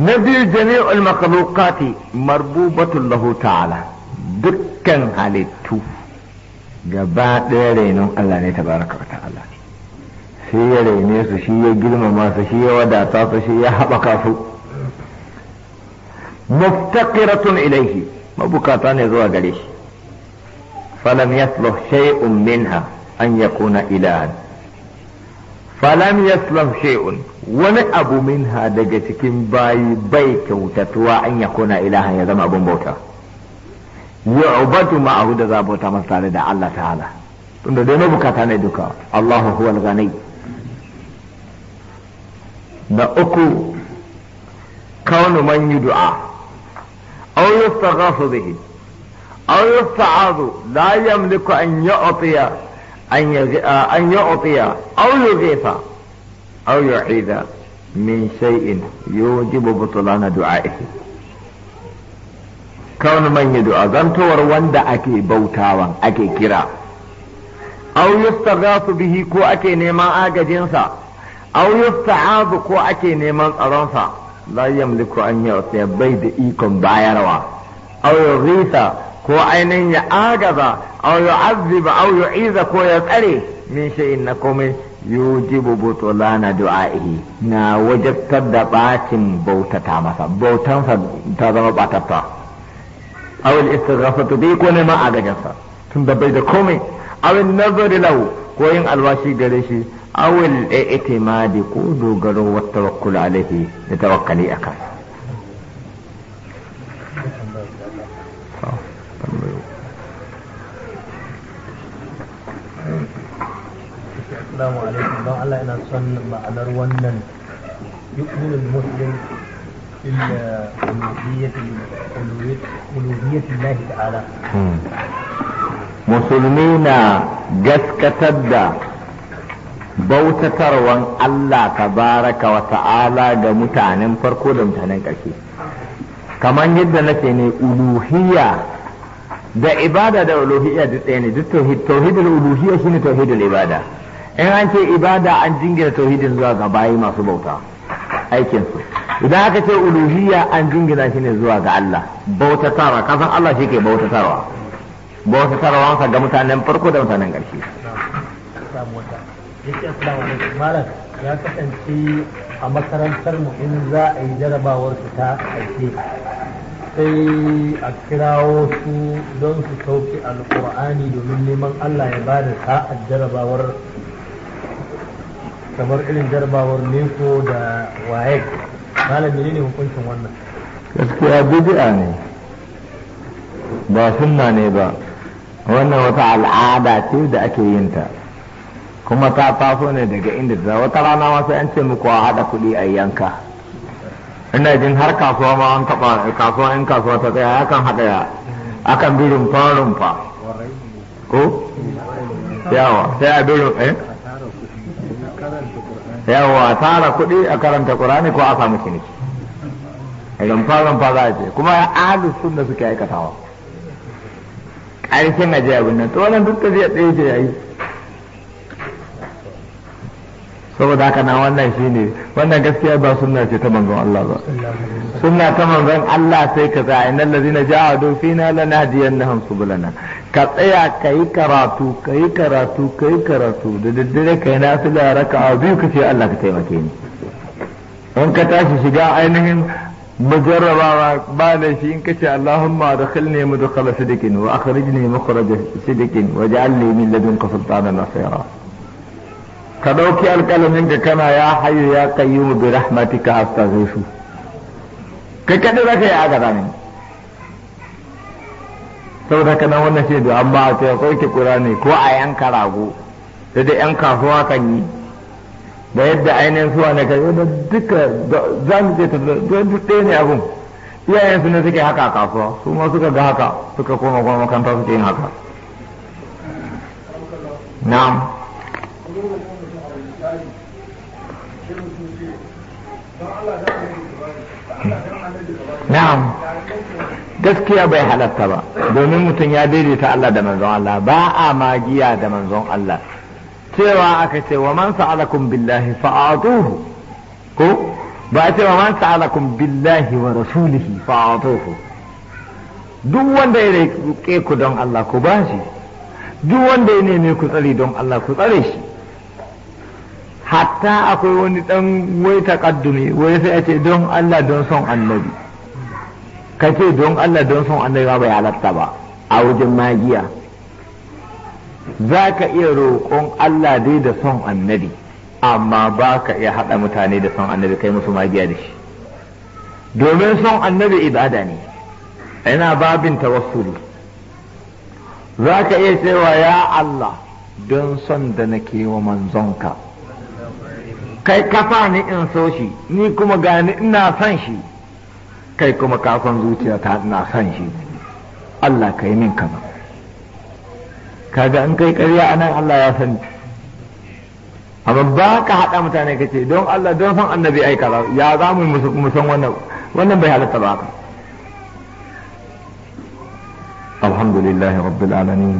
na biyu jami'ul makhluqati marbubatul lahu ta'ala dukkan halittu gaba ɗaya renon Allah ne tabaraka wa ta'ala shi ya rene su shi ya girmama su shi ya wadata su shi ya haɓaka su muftaqiratun ilaihi mabukata ne zuwa gare shi falam yasluh shay'un minha an yakuna ilahan falam yasluh shay'un wani abu minha daga cikin bayi bai kyautatuwa an yakuna ilahan ya zama abun bauta yu'badu ma'ahu da zabota masa tare da Allah ta'ala tunda dai mabukata ne duka Allahu huwal ghani da uku kaunu man du'a أو يستغاث به أو يستعاذ لا يملك أن يعطي أن أن يعطي أو يغيث أو يعيد من شيء يوجب بطلان دعائه kawai manya wanda ake bautawan ake kira aw yustaghasu bihi ko ake neman agajinsa aw yusta'azu ko ake neman tsaronsa la yamliku an yu'tiya bai da ikon bayarwa aw yughitha ko ainihin ya agaza aw yu'azziba aw yu'iza ko ya tsare min shay'in na komai yujibu butulana du'a'ihi na wajabtar da bacin bautata masa bautansa ta zama batatta aw al-istighafatu bi ko ma agajansa tunda bai da komai aw an lahu ko yin alwashi gare shi أو الاعتماد كودو قالوا والتوكل عليه لتوكلي أكثر السلام عليكم ba Allah yana son ma'anar wannan يؤمن المسلم بالألوهية الله تعالى مسلمين جسكتد bautatarwan Allah tabaraka wa ta'ala ga mutanen farko da mutanen ƙarshe kamar yadda nake ne uluhiyya da ibada da uluhiyya duk ɗaya ne duk tauhid tauhidul uluhiyya shine tauhidul ibada in an ce ibada an jingina tauhidin zuwa ga bayi masu bauta aikin su idan aka ce uluhiyya an jingina shi ne zuwa ga Allah bautatarwa kasan Allah shi ke bautatarwa bautatarwa ga mutanen farko da mutanen ƙarshe yake assalamu alaikum malam ya kasance a makarantar mu in za a yi jarabawar su ta aike sai a kirawo su don su sauki alkur'ani domin neman Allah ya ba da sa'ar jarabawar kamar irin jarabawar neko da waye malam ne hukuncin wannan gaskiya bid'a ne ba sunna ne ba wannan wata al'ada ce da ake yin ta kuma ta taso ne daga inda ta wata rana wasu an ce muku a haɗa kuɗi a yanka ina jin har kasuwa ma an taɓa kasuwa in kasuwa ta tsaya akan haɗa akan bi rumfa rumfa ko yawa sai a bi rumfa eh? yawa tara kuɗi a karanta ƙurani ko a samu ciniki rumfa rumfa za a ce kuma ya sun da suke aikatawa ƙarshen ajiya abin nan to wannan duk zai ɗaya ce ya yi saboda haka na wannan ne wannan gaskiya ba sunna ce ta manzon Allah ba sunna ta manzon Allah sai ka za na ladina ja'adu fina lanahdiyannahum subulana ka tsaya kai karatu kai karatu kai karatu da daddare kai na su da biyu ka ce Allah ka taimake ni in ka tashi shiga ainihin mujarrabawa ba da shi in ka ce Allahumma adkhilni kala sidikin wa akhrijni mukhraja sidqin waj'al li ladin ka ɗauki alƙalamin ka kana ya hayu ya mu bi rahmatika Ka kai kada ka yi aga zamin saboda nan wannan shi da amma a ta kura ne ko a yanka rago da da yan kasuwa kan yi da yadda ainihin suwa ne kai da duka za mu ce ta duk ɗaya ne iyayen su ne suke haka a kasuwa su ma suka ga haka suka koma kuma makanta suke yin haka na'am na'am gaskiya bai halatta ba domin mutum ya daidaita Allah da manzon Allah ba a magiya da manzon Allah cewa aka ce wa man sa'alakum billahi fa'atuhu ko ba a ce wa man sa'alakum billahi wa rasulihi fa'atuhu duk wanda ya ku don Allah ku bashi duk wanda ya neme ku tsari don Allah ku tsare shi hatta akwai wani dan wai takaddumi wai sai a ce don Allah don son annabi ka ce don Allah don son annabi ba bai halatta ba a wajen magiya za ka iya roƙon Allah dai da son annabi amma ba ka iya haɗa mutane da son annabi kai musu magiya da shi domin son annabi ibada ne yana babin tawassuli za ka iya cewa ya Allah don son da nake wa manzonka kai kafa ni in so shi ni kuma gani ina son shi kai kuma kafan zuciya ta ina son shi Allah ka yi min kaza kaga in kai karya nan Allah ya sani amma ba ka haɗa mutane ka ce don Allah don son annabi ai kaza ya za mu mu san wannan wannan bai halatta ba ka alhamdulillahi rabbil alamin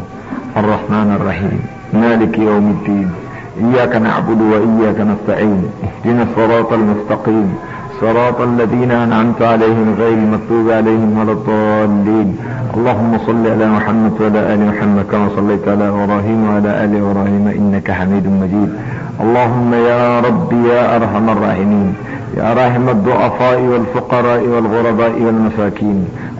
الرحمن الرحيم مالك يوم الدين إياك نعبد وإياك نستعين اهدنا الصراط المستقيم صراط الذين أنعمت عليهم غير المكتوب عليهم ولا الضالين اللهم صل على محمد وعلى آل محمد كما صليت على إبراهيم وعلى آل إبراهيم إنك حميد مجيد اللهم يا ربي يا أرحم الراحمين يا راحم الضعفاء والفقراء والغرباء والمساكين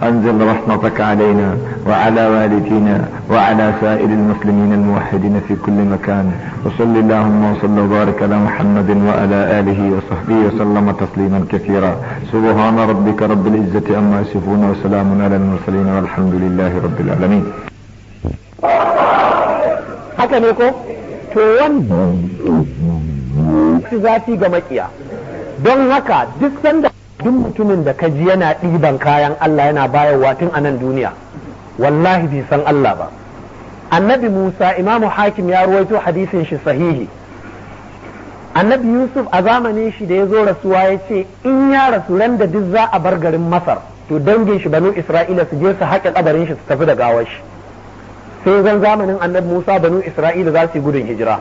أنزل رحمتك علينا وعلى والدينا وعلى سائر المسلمين الموحدين في كل مكان وصل اللهم وصل وبارك على محمد وعلى آله وصحبه وسلم تسليما كثيرا سبحان ربك رب العزة أما يصفون وسلام على المرسلين والحمد لله رب العالمين to wani zafi ga makiya don haka duk sanda duk mutumin da kaji yana ɗiban kayan Allah yana bayarwa tun a nan duniya wallahi bai san Allah ba annabi Musa imamu hakim ya ruwaito hadisin shi sahihi annabi Yusuf a zamanin shi da ya zo rasuwa ya ce in ya rasu ran da duk za a bar garin Masar to dangin shi banu Isra'ila su je su haƙe kabarin shi su tafi da gawar shi sai zan zamanin annabi Musa banu Isra'ila za su yi gudun hijira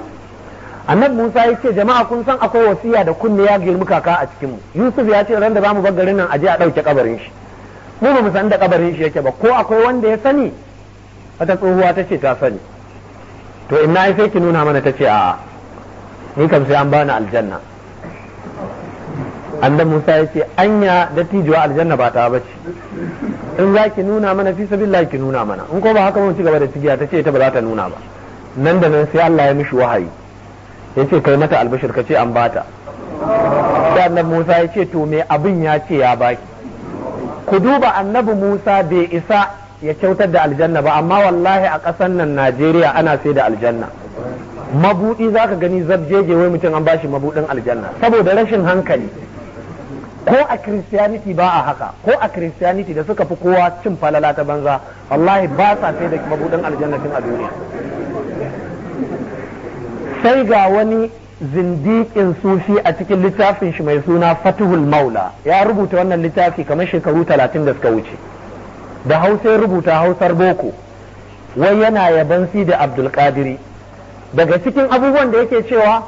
annabi Musa ya ce jama'a kun san akwai wasiya da kunne ya girmi kaka a cikin mu Yusuf ya ce ran da zamu bar garin nan aje a dauke kabarin shi mu ba mu san da kabarin shi yake ba ko akwai wanda ya sani wata tsohuwa ta ce ta sani to inna ai sai ki nuna mana ta ce a ni kam sai an bani aljanna annabi Musa ya ce anya dattijuwa aljanna ba ta bace in za ki nuna mana fi sabilillah ki nuna mana in ko ba haka mun ci gaba da cigiya ta ce ta ba za ta nuna ba nan da nan sai Allah ya mishi wahayi ya ce kai mata albashir ka ce an bata sai annabi Musa ya ce to me abin ya ce ya baki ku duba annabi Musa bai isa ya kyautar da aljanna ba amma wallahi a ƙasar nan Najeriya ana sai da aljanna mabudi zaka gani zabjeje wai mutum an bashi mabudin aljanna saboda rashin hankali ko a christianity ba a haka ko a christianity da suka fi kowa cin falala ta banza wallahi ba sa sai da mabudin aljannatin a duniya sai ga wani zindikin sufi a cikin littafin shi mai suna fatihul maula ya rubuta wannan littafi kamar shekaru talatin da suka wuce da hausa rubuta hausar boko wai yana yaban si da abdulkadiri daga cikin abubuwan da yake cewa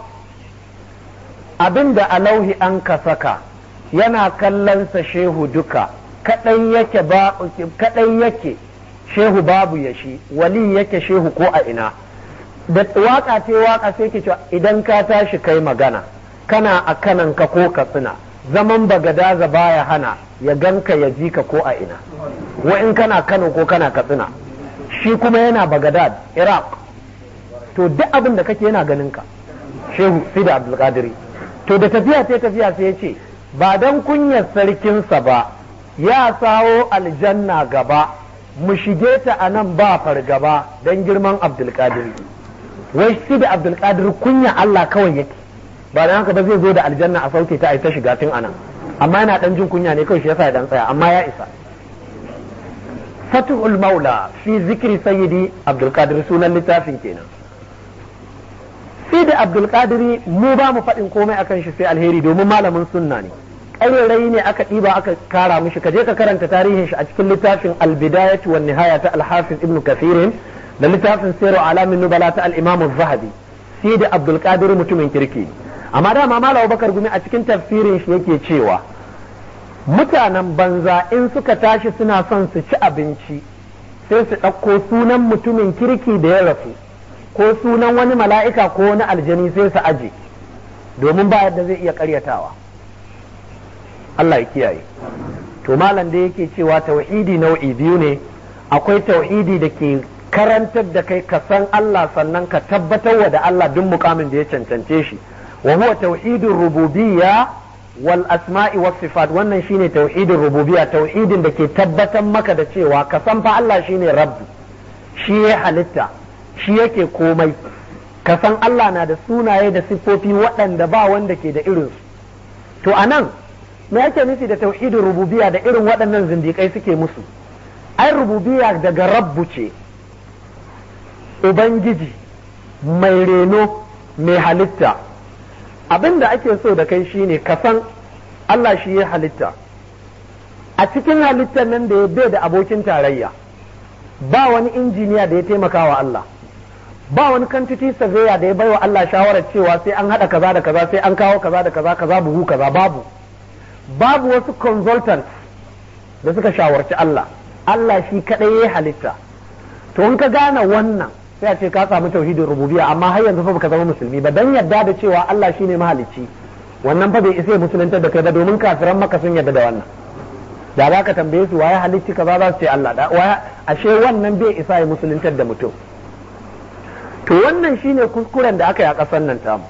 abin da alauhi an ka saka yana kallonsa shehu duka kaɗan yake ba kaɗan yake shehu babu ya shi wali yake shehu ko a ina da waka ce waka sai ke cewa idan ka tashi kai magana kana a ka ko katsina zaman bagadaza baya hana ya ganka ya ji ka ko a ina wa in kana kano ko kana katsina shi kuma yana bagadad iraq to duk abin da kake yana ganin ka shehu sida abdulkadiri to da tafiya sai tafiya sai ya ce ba don kunyar sarkinsa ba ya sawo aljanna gaba mu shige ta a nan ba fargaba don girman abdulkadir wai shi da abdulkadir kunya Allah kawai yake ba don haka ba zai zo da aljanna a sauke ta a ta shiga tun anan amma yana ɗan jin kunya ne kawai shi yasa dan tsaya amma ya isa fathul maula fi zikri sayyidi abdulkadir sunan littafin kenan da abdulkadiri mu ba mu faɗin komai akan shi sai alheri domin malamin sunna ne ƙarerai ne aka ɗiba aka kara mishi ka je ka karanta tarihin shi a cikin littafin albidayat wa nihaya ta alhafiz ibn kathir da littafin sayru alamin nubala ta al zahabi sai da abdul mutumin kirki amma dama malam bakar gumi a cikin tafsirin shi yake cewa mutanen banza in suka tashi suna son su ci abinci sai su ɗauko sunan mutumin kirki da ya rasu ko sunan wani mala'ika ko wani aljani sai su aje domin ba yadda zai iya karyatawa Allah ya kiyaye to malam da yake cewa tauhidi nau'i biyu ne akwai tauhidi da ke karantar da kai ka san Allah sannan ka tabbatar wa da Allah duk mukamin da ya cancance shi wa huwa rububiya wal asma'i was sifat wannan shine tauhidin rububiyya tauhidin da ke tabbatar maka da cewa kasan san fa Allah shine rabu shi ya halitta shi yake komai ka san Allah na da sunaye da siffofi waɗanda ba wanda ke da irinsu to a nan me ake nufi da tauhidin rububiya da irin waɗannan zindikai suke musu ai rububiya daga rabbu ce ubangiji mai reno mai halitta abin da ake so da kai shine ka san Allah shi ya halitta a cikin halittar nan da ya bai da abokin tarayya ba wani injiniya da ya taimaka wa Allah ba wani kantiti surveyor da ya baiwa Allah shawarar cewa sai an hada kaza da kaza sai an kawo kaza da kaza kaza buhu kaza babu babu wasu consultants da suka shawarci Allah Allah shi kadai ya halitta to in ka gane wannan sai a ce ka samu tauhidin rububiyya amma har yanzu fa baka zama musulmi ba dan yadda da cewa Allah shi ne mahalicci wannan fa bai isa musulantar da kai ba domin kafiran maka sun yadda da wannan da za ka tambaye su waye halicci kaza za su ce Allah da ashe wannan bai isa ya musuluntar da mutum to wannan shine kuskuren da aka yi a ƙasar nan tamu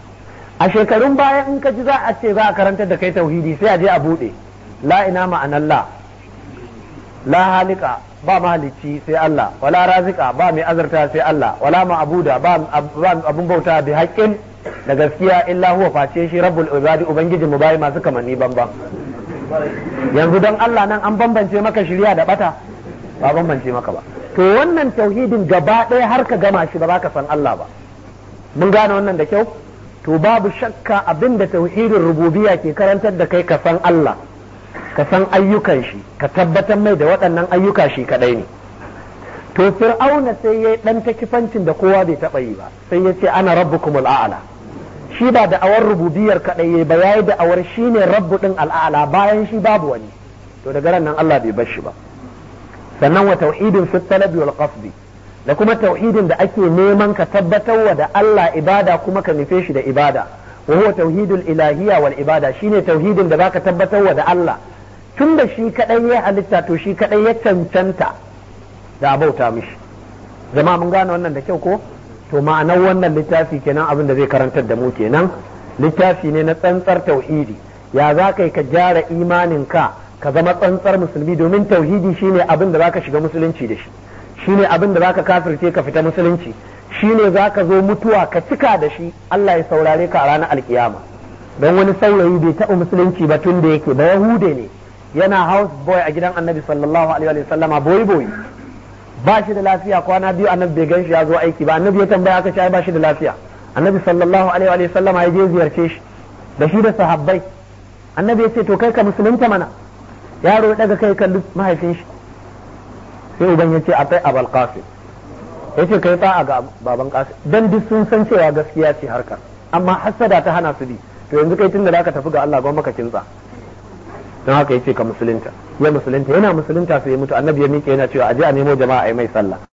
a shekarun baya in ka ji za a ce za a karantar da kai tauhidi sai a je a buɗe la ina ma'analla la halika ba mahalicci sai Allah wala razika ba mai azarta sai Allah wala ma'abuda ba abun bauta bi haƙƙin da gaskiya illa huwa face shi rabbul ibadi ubangiji mu bayi masu kamanni banban yanzu don Allah nan an bambance maka shirya da bata ba bambance maka ba to wannan tauhidin gaba ɗaya har ka gama shi ba za ka san Allah ba mun gane wannan da kyau to babu shakka abin da tauhidin rububiya ke karantar da kai ka san Allah ka san ayyukan shi ka tabbatar mai da waɗannan ayyuka shi kaɗai ne to fir'auna sai ya ɗan ta kifancin da kowa bai taba yi ba sai ya ce ana rabbukumul a'la shi ba da awar rububiyar kaɗai ya ba yayi da awar shine rabbu ɗin al'ala bayan shi babu wani to daga ran nan Allah bai bar shi ba sannan wa tauhidin fi talabi wal qasdi da kuma tauhidin da ake neman ka tabbatarwa da Allah ibada kuma ka nufe shi da ibada wa huwa tauhidul ilahiyya wal ibada shine tauhidin da tabbatar wa da Allah tunda shi kadai ya halitta to shi kadai ya cancanta da bauta mishi zama mun gane wannan da kyau ko to ma'anar wannan littafi kenan abin da zai karantar da mu kenan littafi ne na tsantsar tauhidi ya za ka ka gyara imanin ka ka zama tsantsar musulmi domin tauhidi shine abin da zaka shiga musulunci da shi shine abin da zaka kafirce ka fita musulunci shine zaka zo mutuwa ka cika da shi Allah ya saurare ka a ranar alkiyama don wani saurayi bai taɓa musulunci ba tun da yake ba yahude ne yana house boy a gidan annabi sallallahu alaihi wa sallama boy boy ba shi da lafiya kwana biyu annabi bai gan shi ya zo aiki ba annabi ya tambaya aka ce ba shi da lafiya annabi sallallahu alaihi wa sallama ya je ziyarce shi da shi da sahabbai annabi ya ce to kai ka musulunta mana yaro ya daga kai kalli mahaifin shi sai uban ya ce atai abal kafin ya ce kai ta'a ga baban kafin don duk sun san cewa gaskiya ce harkar amma hasada ta hana su bi to yanzu kai tun za zaka tafi ga Allah gwamma ka kinsa don haka ya ce ka musulunta ya musulunta yana musulunta sai ya mutu annabi ya miƙe yana cewa aje a nemo jama'a yi mai sallah